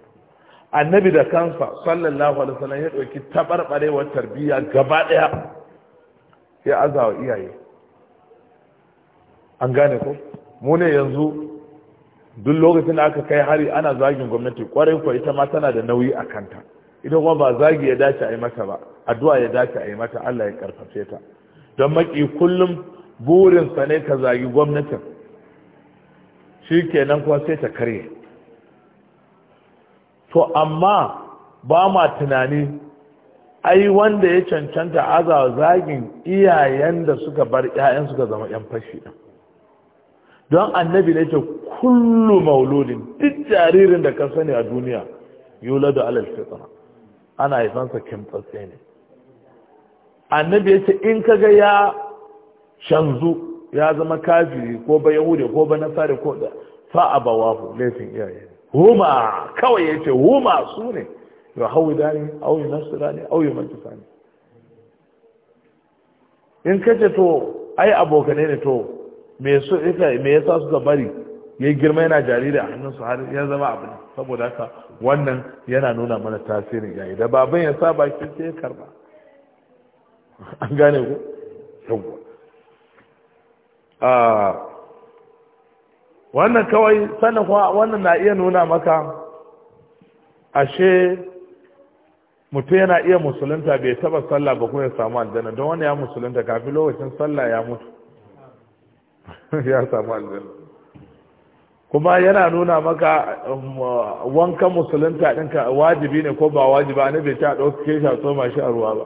annabi da kansa sallallahu alaihi wasallam ya dauki tabarbarewar tarbiyya gaba daya ya azawa iyaye an gane ko mu ne yanzu duk lokacin da aka kai hari ana zagin gwamnati kwarai kuwa ita ma tana da nauyi a kanta ita kuma ba zagi ya dace a yi mata ba addu'a ya dace a yi mata Allah ya karfafe ta don maki kullum sa ne ka zagi gwamnatin shi kenan kuma sai ta karye to amma ba ma tunani ai wanda ya cancanta azawa zagin iyayen da suka bar 'ya'yan suka zama 'yan fashi ɗin don annabi ne ce kullu mauludin duk jaririn da ka sani a duniya yula da alal fitra ana haifansa kimtsatse ne annabi ya ce in kaga ya canzu ya zama kafiri ko ba yahudi ko ba nasari ko da fa abawahu laifin iyaye huma kawai ya ce huma su ne ya hau dani au yi nasira ne au yi majisa ne in kace to ai abokanai ne to mai so ita mai yasa suka bari ya girma yana jariri a hannunsu har ya zama abin saboda haka wannan yana nuna mana tasirin yayi da baban ya sa baki sai ya karba an gane ku yawwa ah, wannan kawai sannan kuma wannan na iya nuna maka ashe mutum yana iya musulunta bai taba sallah ba kuma ya samu aljanna don wani ya musulunta kafin lokacin sallah ya mutu ya samu aljanna kuma yana nuna maka um, wanka musulunta ɗinka wajibi ne ko ba wajiba ne bai ta ɗauke shi a tsoma shi a ruwa ba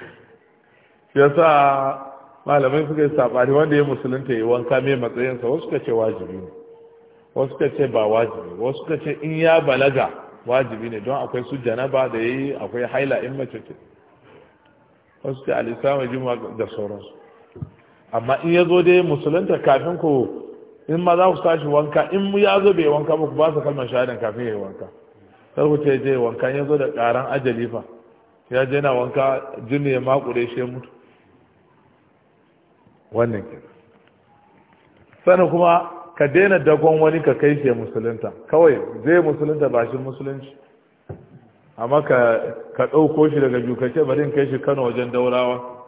ya sa malamai suka yi saɓari wanda ya musulunta ya wanka mai matsayinsa wasu ka ce wajibi ne wasu ka ce ba wajibi wasu ka ce in ya balaga wajibi ne don akwai su janaba da ya yi akwai haila in mace ce wasu ce mai jima da sauransu amma in ya zo dai musulunta kafin ku in ma za ku tashi wanka in ya zo bai wanka ba ku ba su kalmar shahadan kafin ya yi wanka kar ku ce je wanka ya zo da karan ajali fa ya je na wanka jini ya makure shi mutu wannan ke sannan kuma ka daina dagon wani ka kai shi musulunta kawai zai musulunta ba shi musulunci amma ka ɗauko shi daga jukace bari kai shi kano wajen daurawa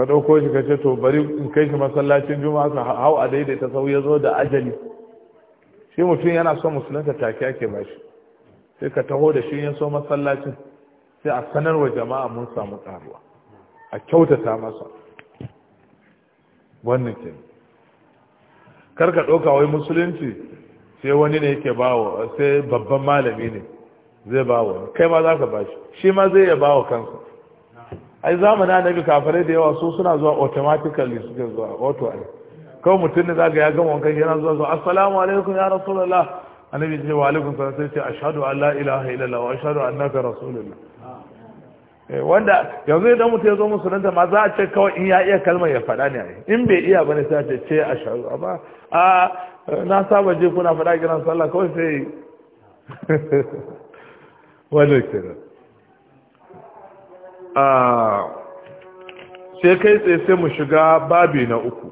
ka ɗauko shi ka ce to bari in kai shi masallacin juma'a ka hau a daidaita sau ya zo da ajali shi mutum yana son musulunta take ake ba shi sai ka taho da shi ya so masallacin sai a sanarwa jama'a mun samu karuwa a kyautata masa wannan ke ka ɗauka wai musulunci sai wani ne yake bawa sai babban malami ne zai bawa kai ma za ka ba shi shi ma zai iya bawa kansa ai na ga kafare da yawa su suna zuwa automatically suke zuwa auto ne kawai mutum ne zaga ya gama wankan yana zuwa zuwa assalamu alaikum ya rasulullah annabi ce wa alaikum salam sai ce ashhadu an la ilaha illallah wa ashhadu annaka rasulullah eh, wanda yanzu idan mutum ya zo musulunta ma za a ce kawai in ya iya kalmar ya faɗa ne in bai iya bane sai a ce ce ashhadu amma a na saba je kuna faɗa kiran sallah kawai sai wallahi kenan sai kai tsaye sai mu shiga babi na uku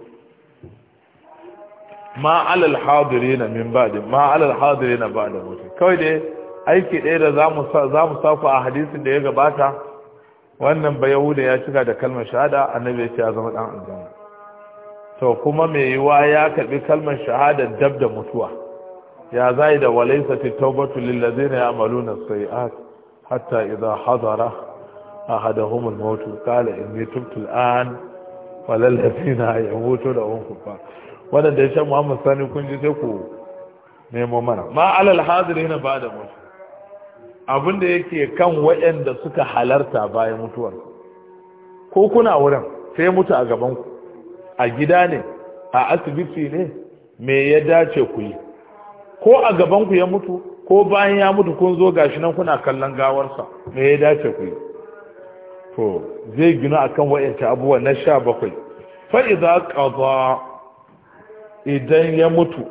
ma alal hadiri na min ba'din ma alal hadiri na ba'da mutu kawai dai aiki ɗaya da za mu saku a hadisin da ya gabata wannan ba da ya shiga da kalmar shahada annabi ya ce ya zama dan aljanna to kuma mai yiwa ya karbi kalmar shahada dab da mutuwa ya zai da walaisa walaysa ya lil na sai a hatta idan hadara ahadahum al-maut qala inni tubtu al-an walal ladina yamutuna wa hum kuffar wannan da yasha Muhammad sani kun ji ku nemo mana ma alal ba'da abin da yake kan waɗanda suka halarta bayan mutuwar ko kuna wurin sai mutu a gaban ku a gida ne a asibiti ne me ya dace ku yi ko a gaban ku ya mutu ko bayan ya mutu kun zo gashi nan kuna kallon gawarsa me ya dace ku yi to zai gina akan wa'yanta abuwa na sha bakwai fa'iza ƙaza idan ya mutu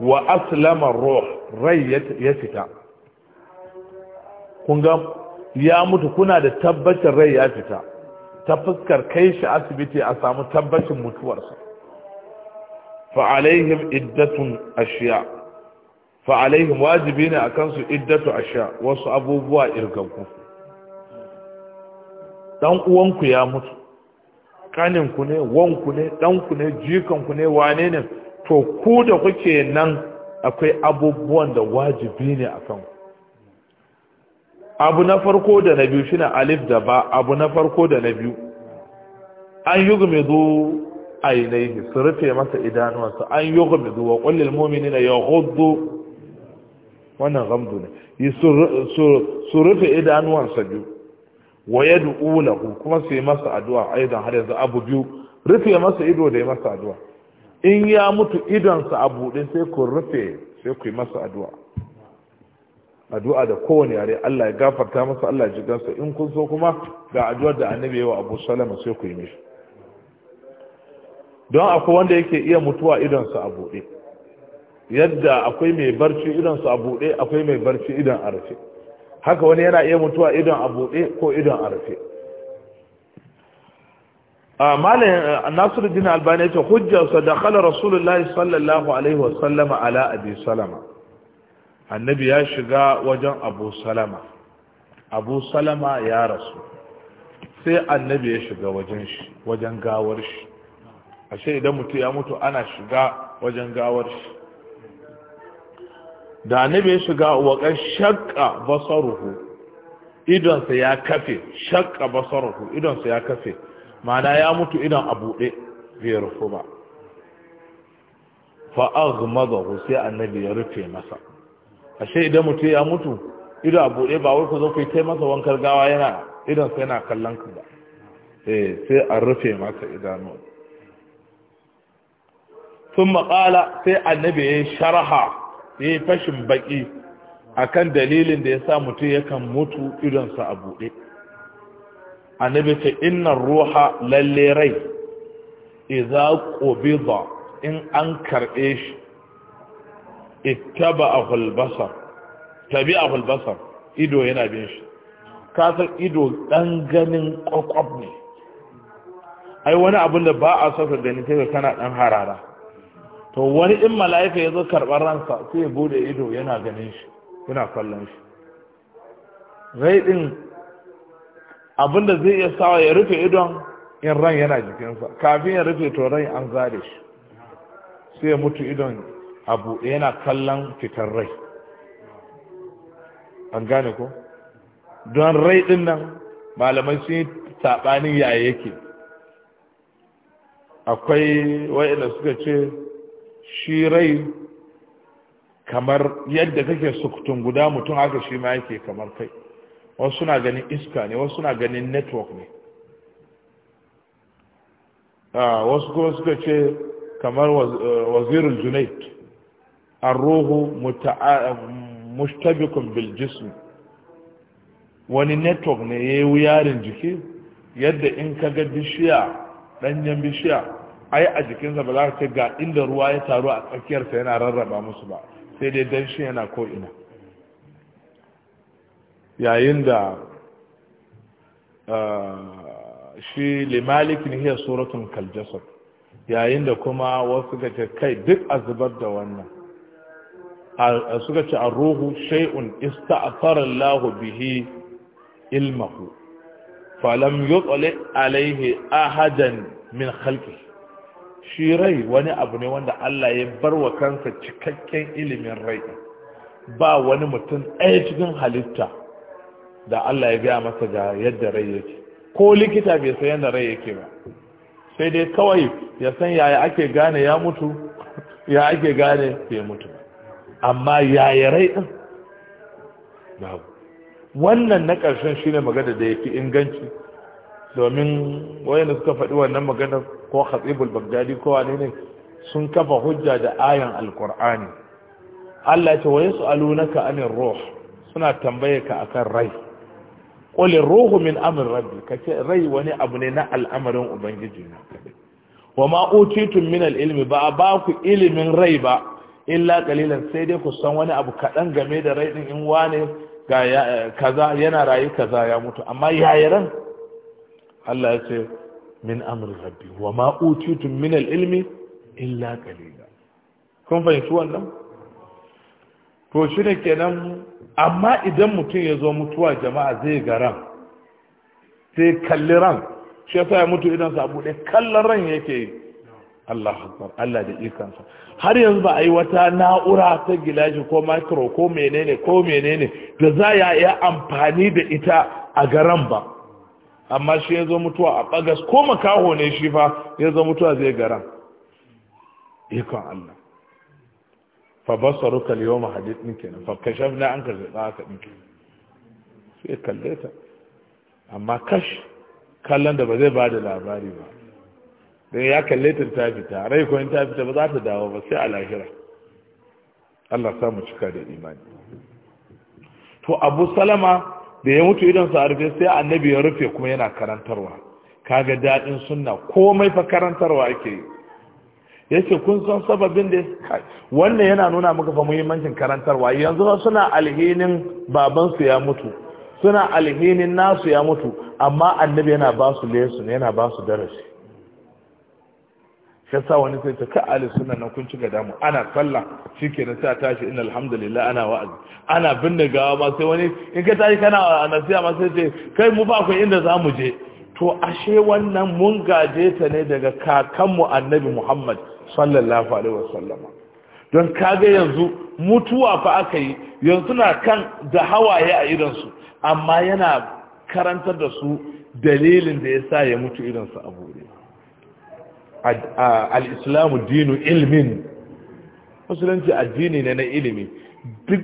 wa aslama ruh rai ya fita kunga ya mutu kuna da tabbacin rai ya fita ta fuskar kai shi asibiti a samu tabbacin mutuwarsa fa'alaihim iddatun ashiya fa'alaihim wajibi ne a kansu iddatun ashiya wasu abubuwa irgaggu dan uwanku ya mutu kaninku ne wanku ne ɗanku ne jikanku ne wane ne to ku da kuke nan akwai abubuwan da wajibi ne a kanku abu na farko da na biyu shi alif da ba abu na farko da na biyu an yi gume zo a yi na yi su rufe masa idanuwansa an yi gume wa ƙullil muminina da ya hudu wannan gamdu ne su rufe idanuwansa biyu wa yad'unahu kuma su yi masa addu'a aidan har yanzu abu biyu rufe masa ido da yi masa addu'a in ya mutu idonsa a buɗe sai ku rufe sai ku yi masa addu'a addu'a da kowane yare Allah ya gafarta masa Allah ya ji gansa in kun so kuma ga addu'a da annabi yawa Abu Salama sai ku yi mishi don akwai wanda yake iya mutuwa idonsa a buɗe yadda akwai mai barci idonsa a buɗe akwai mai barci idan a rufe haka wani yana iya mutuwa idon a buɗe ko idon a rufe malin eh, nasiruddin albani ya ce hujjarsa da kala rasulullahi sallallahu alaihi wasallama ala abi salama annabi ya shiga wajen abu salama abu salama ya rasu sai annabi ya shiga wajen shi wajen gawar shi ashe idan mutu ya mutu ana shiga wajen gawar shi da annabi ya shiga waƙar shakka basaruhu idonsa ya kafe shakka basaruhu idonsa ya kafe mana ya mutu idon a buɗe bai rufu ba fa'azmadahu sai annabi ya rufe masa ashe idan mutu ya mutu idon a buɗe ba wai ku zo ku yi masa wankar gawa yana idan sai na kallon ka ba eh sai an rufe masa idanu sun maƙala sai annabi ya sharha yi fashin baki kan dalilin da ya sa mutum yakan mutu idonsa a buɗe annabi ce innan ruha lalle rai iza qubida in an karɓe shi ittaba ahulbasar tabi ahulbasar ido yana bin shi kasar ido ɗan ganin ƙwaƙwab ne ai wani abin da ba a saka ganin sai kana ɗan harara to wani in mala'ika ya zo karɓar ransa sai ya bude ido yana ganin shi yana kallon shi rai abin abinda zai iya sawa ya rufe idon in ran yana jikinsa kafin ya rufe to rai an zare shi sai ya mutu idon a buɗe yana kallon fitar rai an gane ko don rai ɗin nan malamai sun yi saɓanin yaya yake akwai wa'ina suka ce shi rai kamar yadda kake sukutun guda mutum haka shi ma yake kamar kai wasu suna ganin iska ne wasu suna ganin network ne ah, wasu kuma suka ce kamar eh, wazirin junaid arruhu mustabikun bil wani network ne ya yi wuyarin jiki yadda in ka ga bishiya ɗanyen bishiya ai a jikinsa ba za ka ce ga inda ruwa ya taru a tsakiyarsa yana rarraba musu ba sai dai danshi yana ko'ina yayin da ah, shi ne hiyar suratun kaljasar yayin da kuma wasu ga kai duk a zubar da wannan suka ce a ruhu shai'un ista ista'afarar lahu bihi ilmahu falam yutsale alaihi ahadan min khalqihi shi rai wani abu ne wanda Allah ya bar wa kansa cikakken ilimin rai ba wani mutum ɗaya cikin halitta da Allah ya gaya masa ga yadda rai yake ko likita bai san yadda rai yake ba sai dai kawai ya san yaya ake gane ya mutu ya ake gane bai mutu amma yaya rai ɗin wannan na ƙarshen shi ne magana da ya fi inganci domin wayanda suka faɗi wannan maganar ko khatibul bagdadi ko wane ne sun kafa hujja da ayan alkur'ani Allah ya ce wa yas'alunaka anir ruh suna tambaye ka akan rai qul ruhu min amri rabbi kace rai wani abu ne na al'amarin ubangiji ne wa ma utitum min ba ba ku ilimin rai ba illa qalilan sai dai ku san wani abu kadan game da rai din in wane ga kaza yana rayu kaza ya mutu amma yayaran Allah ya ce min amri rabbi wa ma utitum min al-ilmi illa qalila kun fahimci wannan to shi ne kenan amma idan mutum ya zo mutuwa jama'a zai ga ran sai kalli ran shi yasa ya mutu idan sa bude kallon ran yake yi Allah akbar Allah da ikonsa har yanzu ba a yi wata na'ura ta gilashi ko micro ko menene ko menene da za ya yi amfani da ita a garan ba amma shi ya zo mutuwa a bagas ko makaho ne shi fa ya zo mutuwa zai gara ikon Allah fa basaru kal yawma hadithni kenan fa kashafna anka din dinki ya kalle ta amma kash kallon da ba zai ba da labari ba don ya kalle ta ta fita rai ko ta fita ba za ta dawo ba sai a lahira Allah samu cika da imani to Abu Salama da ya mutu idan a rufe sai annabi ya rufe kuma yana karantarwa kaga daɗin sunna komai fa karantarwa ake yi yace kun san sababin da wannan yana nuna maka fa muhimmancin karantarwa yanzu suna alhinin babansu ya mutu suna alhinin nasu ya mutu amma annabi yana ba su lesson yana ba su darasi Ka sa wani sai ta ka ali suna nan kun ci gada mu ana sallah shikenan sai tashi ina alhamdulillah ana wa'azi ana binne gawa ma sai wani in ka tashi kana nasiya ma sai ce kai mu ba ku inda za mu je to ashe wannan mun gaje ta ne daga kakanmu annabi Muhammad sallallahu alaihi wasallam don kaga yanzu mutuwa fa aka yi yanzu na kan da hawaye a idansu amma yana karantar da su dalilin da ya sa ya mutu irinsu abu al'islamu dinu ilmin musulunci addini ne na ilimi duk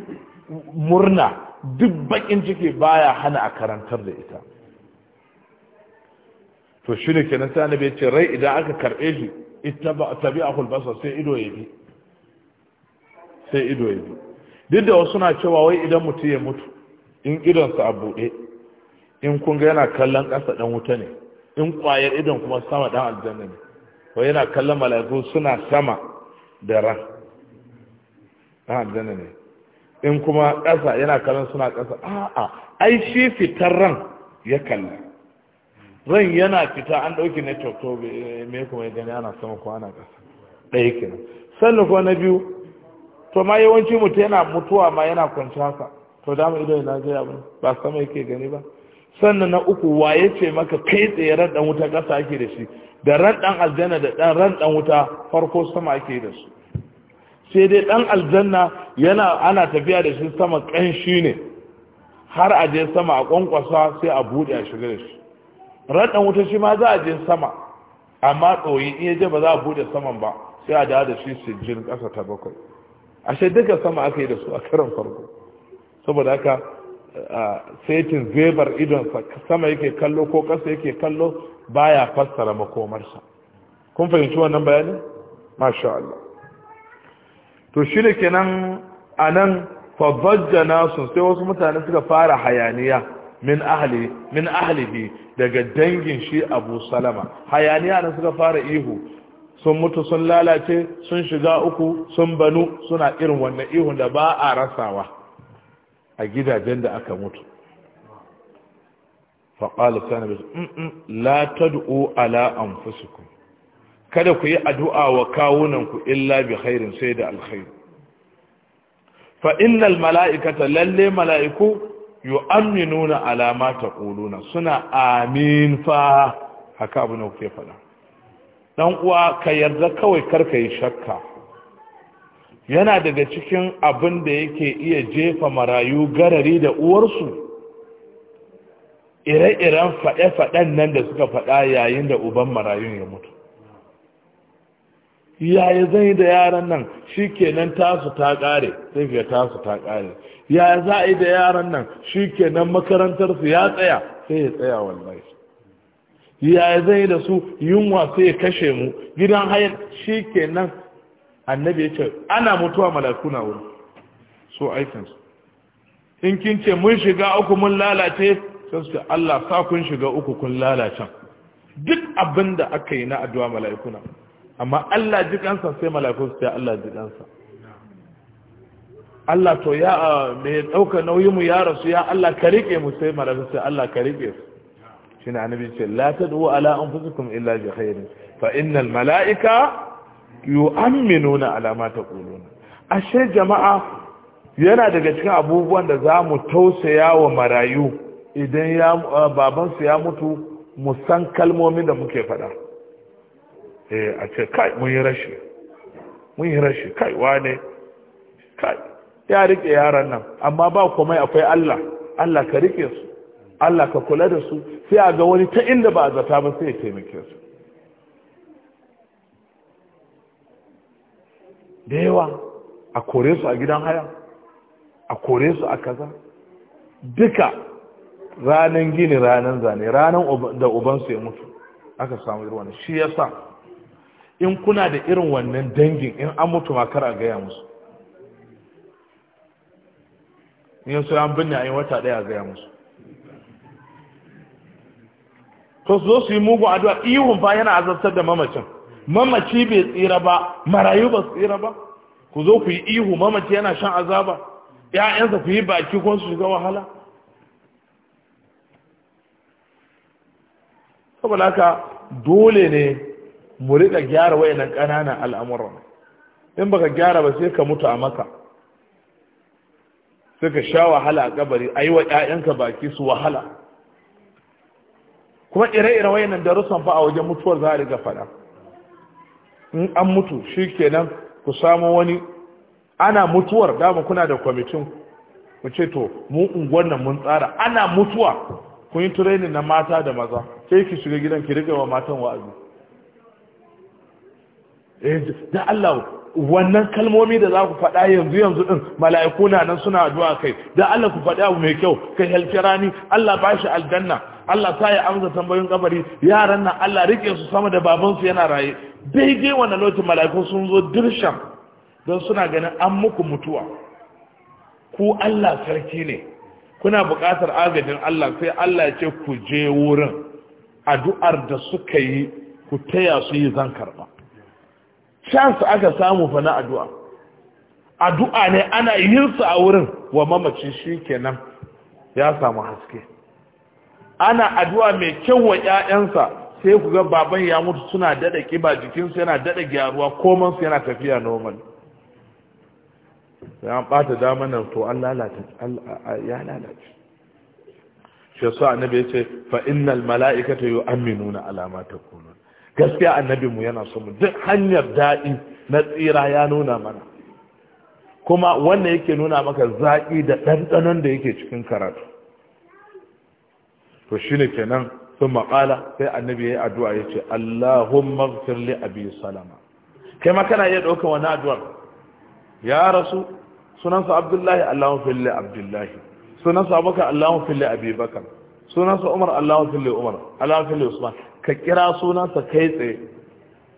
murna duk bakin ciki baya hana a karantar da ita to shi ne kenan sai annabi ce rai idan aka karbe shi tabi'ahul basar sai ido ya bi sai ido ya bi duk da wasu na cewa wai idan mutu ya mutu in idonsa a buɗe in kun ga yana kallon ƙasa ɗan wuta ne in ƙwayar idon kuma sama ɗan aljanna ne wai yana kallon mala'iku suna sama da ran a aljanna ne in kuma ƙasa yana kallon suna ƙasa a'a ai shi fitar ran ya kalla ran yana fita an ɗauki ne to me kuma ya gani ana sama ko ana ƙasa ɗaya kenan sannan kuma na biyu to ma yawanci mutum yana mutuwa ma yana kwanci haka to dama ido yana je abin ba sama yake gani ba sannan na uku waye ce maka kai tsayar dan wuta ƙasa ake da shi da ran ɗan aljanna da dan ran dan wuta farko sama ake da su sai dai ɗan aljanna yana ana tafiya da shi sama shi ne har a je sama a kwankwasa sai a bude a shiga da shi ran dan wuta shi ma za a je sama amma tsoyi in ya je ba za a bude saman ba sai a dawo da shi sijjin kasa ta bakwai ashe duka sama aka yi da su a karan farko saboda haka setin zebar idonsa sama yake kallo ko ƙasa yake kallo baya fassara makomarsa kun fahimci wannan bayanin masha Allah to shi ne kenan a nan fabajja nasu sai wasu mutane suka fara hayaniya min ahli min daga dangin shi Abu Salama hayaniya nan suka fara ihu sun mutu sun lalace sun shiga uku sun banu suna irin wannan ihun da ba a rasawa a gidajen da aka mutu faƙalu sana bisu mm, mm, la tad'u ala anfusikum kada ku yi addu'a wa kawunanku illa bi sai da alkhair fa innal mala'ikata lalle mala'iku yu'minuna alama ta ƙuluna, suna amin fa haka abu ne kuke faɗa Ɗan uwa ka yarda kawai karka yi shakka yana daga cikin abin da yake iya jefa marayu garari da uwarsu ire-iren faɗe-faɗen nan da suka faɗa yayin da uban marayun ya mutu yaya zan yi da yaran nan shi kenan tasu ta ƙare sai fiye tasu ta ƙare yaya za a yi da yaran nan shi kenan makarantarsu ya tsaya sai ya tsaya wallahi yaya zan da su yunwa sai ya kashe mu gidan hayar shi kenan annabi ya ce ana mutuwa malaku na wurin so aikinsu in kin ce mun shiga uku mun lalace sai su ce Allah sa kun shiga uku kun lalace duk abin da aka yi na addu'a mala'ikuna amma Allah jikansa sai mala'ikun su ce Allah jikansa Allah to ya mai ɗauka nauyinmu ya rasu ya Allah ka riƙe mu sai mala'ikun sai Allah ka riƙe su shi ne annabi ce la tad'u ala anfusikum illa bi khairin fa innal mala'ika yu'minuna ala ma taquluna ashe jama'a yana daga cikin abubuwan da za mu tausaya wa marayu idan ya babansu ya mutu mu san kalmomin da muke faɗa eh a ce kai mun yi rashi mun yi rashi kai wane kai ya rike yaran nan amma ba komai akwai Allah Allah ka rike su Allah ka kula da su sai a ga wani ta inda ba a zata ba sai ya taimake su da yawa a kore su a gidan haya a kore su a kaza duka ranan gini ranan zane ranan da ubansu ya mutu aka samu irin wannan shi yasa in kuna da irin wannan dangin in an mutu ma kar a gaya musu in sai an binne a yi wata daya a gaya musu to su zo su yi mugun addu'a ihun fa yana azabtar da mamacin mamaci bai tsira ba marayu ba tsira ba ku zo ku yi ihu mamaci yana shan azaba ‘ya'yansa ku yi baki kun su shiga wahala saboda haka dole ne mu riƙa gyara wayannan ƙananan al'amuran in baka gyara ba sai ka mutu a maka sai ka sha wahala a kabari a yi wa ƴaƴanka baki su wahala kuma ire-ire wayannan darussan ba a wajen mutuwar za a riga faɗa in an mutu shi kenan ku samo wani ana mutuwar dama kuna da kwamitin mu ce to mu unguwar nan mun tsara ana mutuwa kun yi training na mata da maza sai ki shiga gidan ki riga wa matan wa'azi Eh, da Allah wannan kalmomi da za ku faɗa yanzu yanzu ɗin mala'iku na nan suna addu'a kai da Allah ku faɗa abu mai kyau kai halki rani Allah ba shi aljanna Allah sa ya amsa tambayin kabari yaran nan Allah rike su sama da babansu yana raye daidai wannan lokacin mala'iku sun zo dirshan don suna ganin an muku mutuwa ku Allah sarki ne kuna buƙatar agajin Allah sai Allah ya ce ku je wurin addu'ar da suka yi ku taya su yi zan karɓa chance aka samu fa na addu'a addu'a ne ana yin sa a wurin wa mamaci shikenan ya samu haske ana addu'a mai kyau wa ƴaƴansa sai ku ga baban ya mutu suna dada kiba jikinsu yana dada gyaruwa koman su yana tafiya normal ya an bata dama nan to an lalata ya lalace shi yasa annabi yace fa innal mala'ikata yu'minuna ala ma takunu gaskiya annabinmu yana so mu duk hanyar daɗi na tsira ya nuna mana kuma wanda yake nuna maka zaƙi da ɗanɗanon da yake cikin karatu to shi ne kenan sun maƙala sai annabi ya yi addu'a ya ce Allahumma magfirli abi salama kai ma kana iya ɗaukar wani addu'ar ya rasu sunansa abdullahi allahun fili abdullahi sunansa abubakar allahun fili abubakar sunansa umar allahun fili umar allahun fili usman ka kira sunansa kai tsaye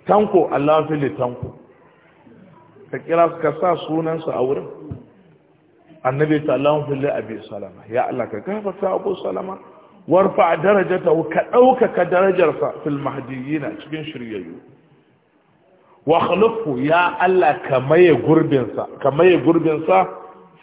tanko Allah fili tanko ka kira ka sa sunansa a wurin annabi ta Allah fili abi salama ya Allah ka gafarta abu salama warfa darajata ka ɗaukaka darajarsa fil mahdiyina cikin shiryayyu wa khalafu ya Allah ka maye gurbinsa ka maye gurbinsa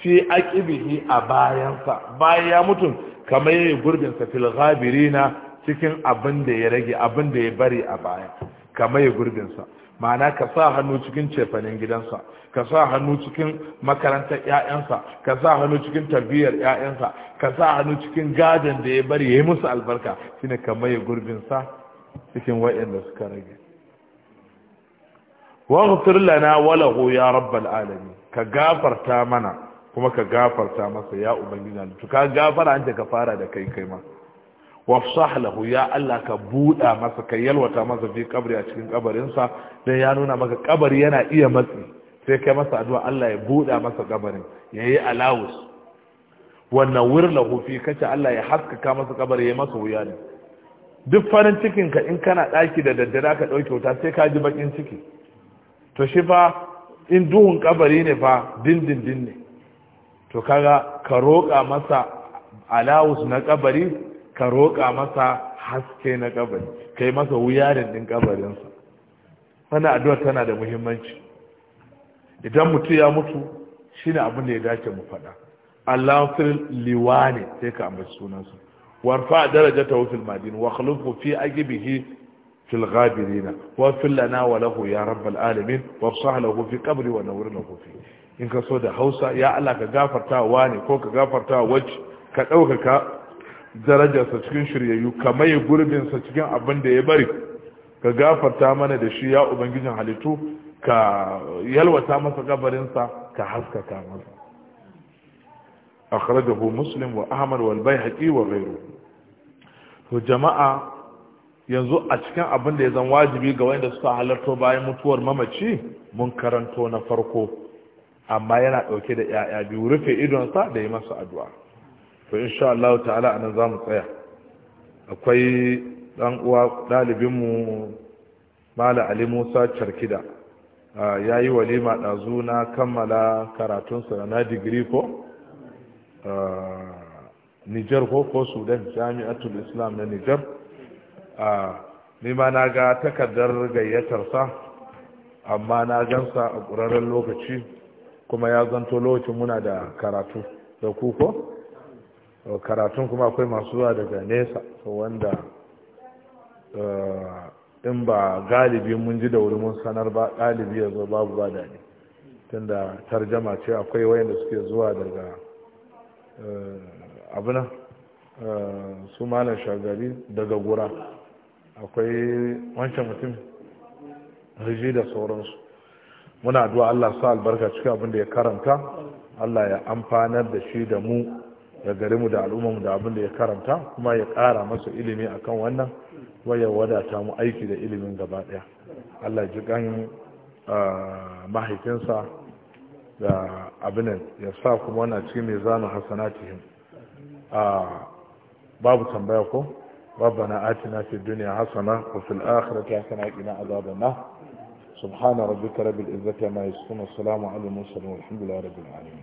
fi aqibihi a bayansa bayan ya mutum ka maye gurbinsa fil ghabirina cikin abin da ya rage abin da ya bari a baya kama ya gurbinsa ma'ana ka sa hannu cikin cefanen gidansa ka sa hannu cikin makarantar 'ya'yansa ka sa hannu cikin tarbiyyar 'ya'yansa ka sa hannu cikin gadon da ya bari ya yi musu albarka shine ka maye gurbinsa cikin wa'yanda suka rage waghfir lana wa ya rabbal alamin ka gafarta mana kuma ka gafarta masa ya ubangiji to ka gafara an ka fara da kai kai ma wafsah lahu ya Allah ka buɗa masa ka yalwata masa fi kabri a cikin kabarinsa dan ya nuna maka kabari yana iya matsi sai kai masa addu'a Allah ya buɗa masa kabarin yayi alawus wannan lahu fi kace Allah ya haskaka masa kabari ya masa wuya ne duk farin cikin ka in kana daki da daddare ka dauke wuta sai ka ji bakin ciki to shi fa in duhun kabari ne fa din ne to kaga ka roƙa masa alawus na kabari ka roƙa masa haske na kabari yi masa wuya da ɗin kabarinsa wani addu'a tana da muhimmanci idan mutum ya mutu shi ne abin da ya dace mu faɗa Allah fir liwani sai ka ambaci sunansa warfa ta fil madin wa khalifu fi ajibihi fil na wa fil lana wa lahu ya rabbal alamin wa sahlahu fi qabri wa nawrina fi in ka so da Hausa ya Allah ka gafarta wa ne ko ka gafarta wacce ka ɗaukaka darajarsa cikin shiryayyu kamar ya gurbinsa cikin abin da ya bari ka gafarta mana da shi ya ubangijin halittu ka yalwata masa kabarinsa ka haskaka masa akhrajahu muslim wa ahmad wal baihaqi wa ghayru to jama'a yanzu a cikin abin da ya zan wajibi ga wanda suka halarto bayan mutuwar mamaci mun karanto na farko amma yana dauke da yaya biyu rufe idonsa da yi masa addu'a to insha Allah ta'ala za mu tsaya akwai ɗan uwa ɗalibinmu Malam Mala Ali Musa Charkida Ya wa walima ɗazu na kammala karatunsa na digiri ko Nijar ko ko Sudan Jami'atul Islam na Nijar ni ma na ga takardar gayyatarsa amma na gansa a ƙurarren lokaci kuma ya zanto lokacin muna da karatu da kuko karatun kuma akwai masu zuwa daga nesa wanda eh, in ba galibi mun ji da wuri mun sanar ba galibi ya zo babu ba daɗi tunda tarjama ce akwai wayanda suke zuwa daga eh, abuna eh, su malam shagari daga gura akwai wancan mutum riji da sauransu muna addu'a Allah sa albarka cikin abin da ya karanta Allah ya amfanar da shi da mu da garinmu da al'ummarmu da abin da ya karanta kuma ya ƙara masa ilimi akan wannan waya wadata mu aiki da ilimin gaba ɗaya allah ji gan mahaifinsa da abin ya sa kuma wannan cikin mai zanu hasanatihim babu tambaya ko ربنا آتنا في الدنيا حسنة وفي الآخرة حسنة وقنا عذاب النار سبحان ربك رب العزة ما يصفون السلام على المرسلين والحمد لله رب العالمين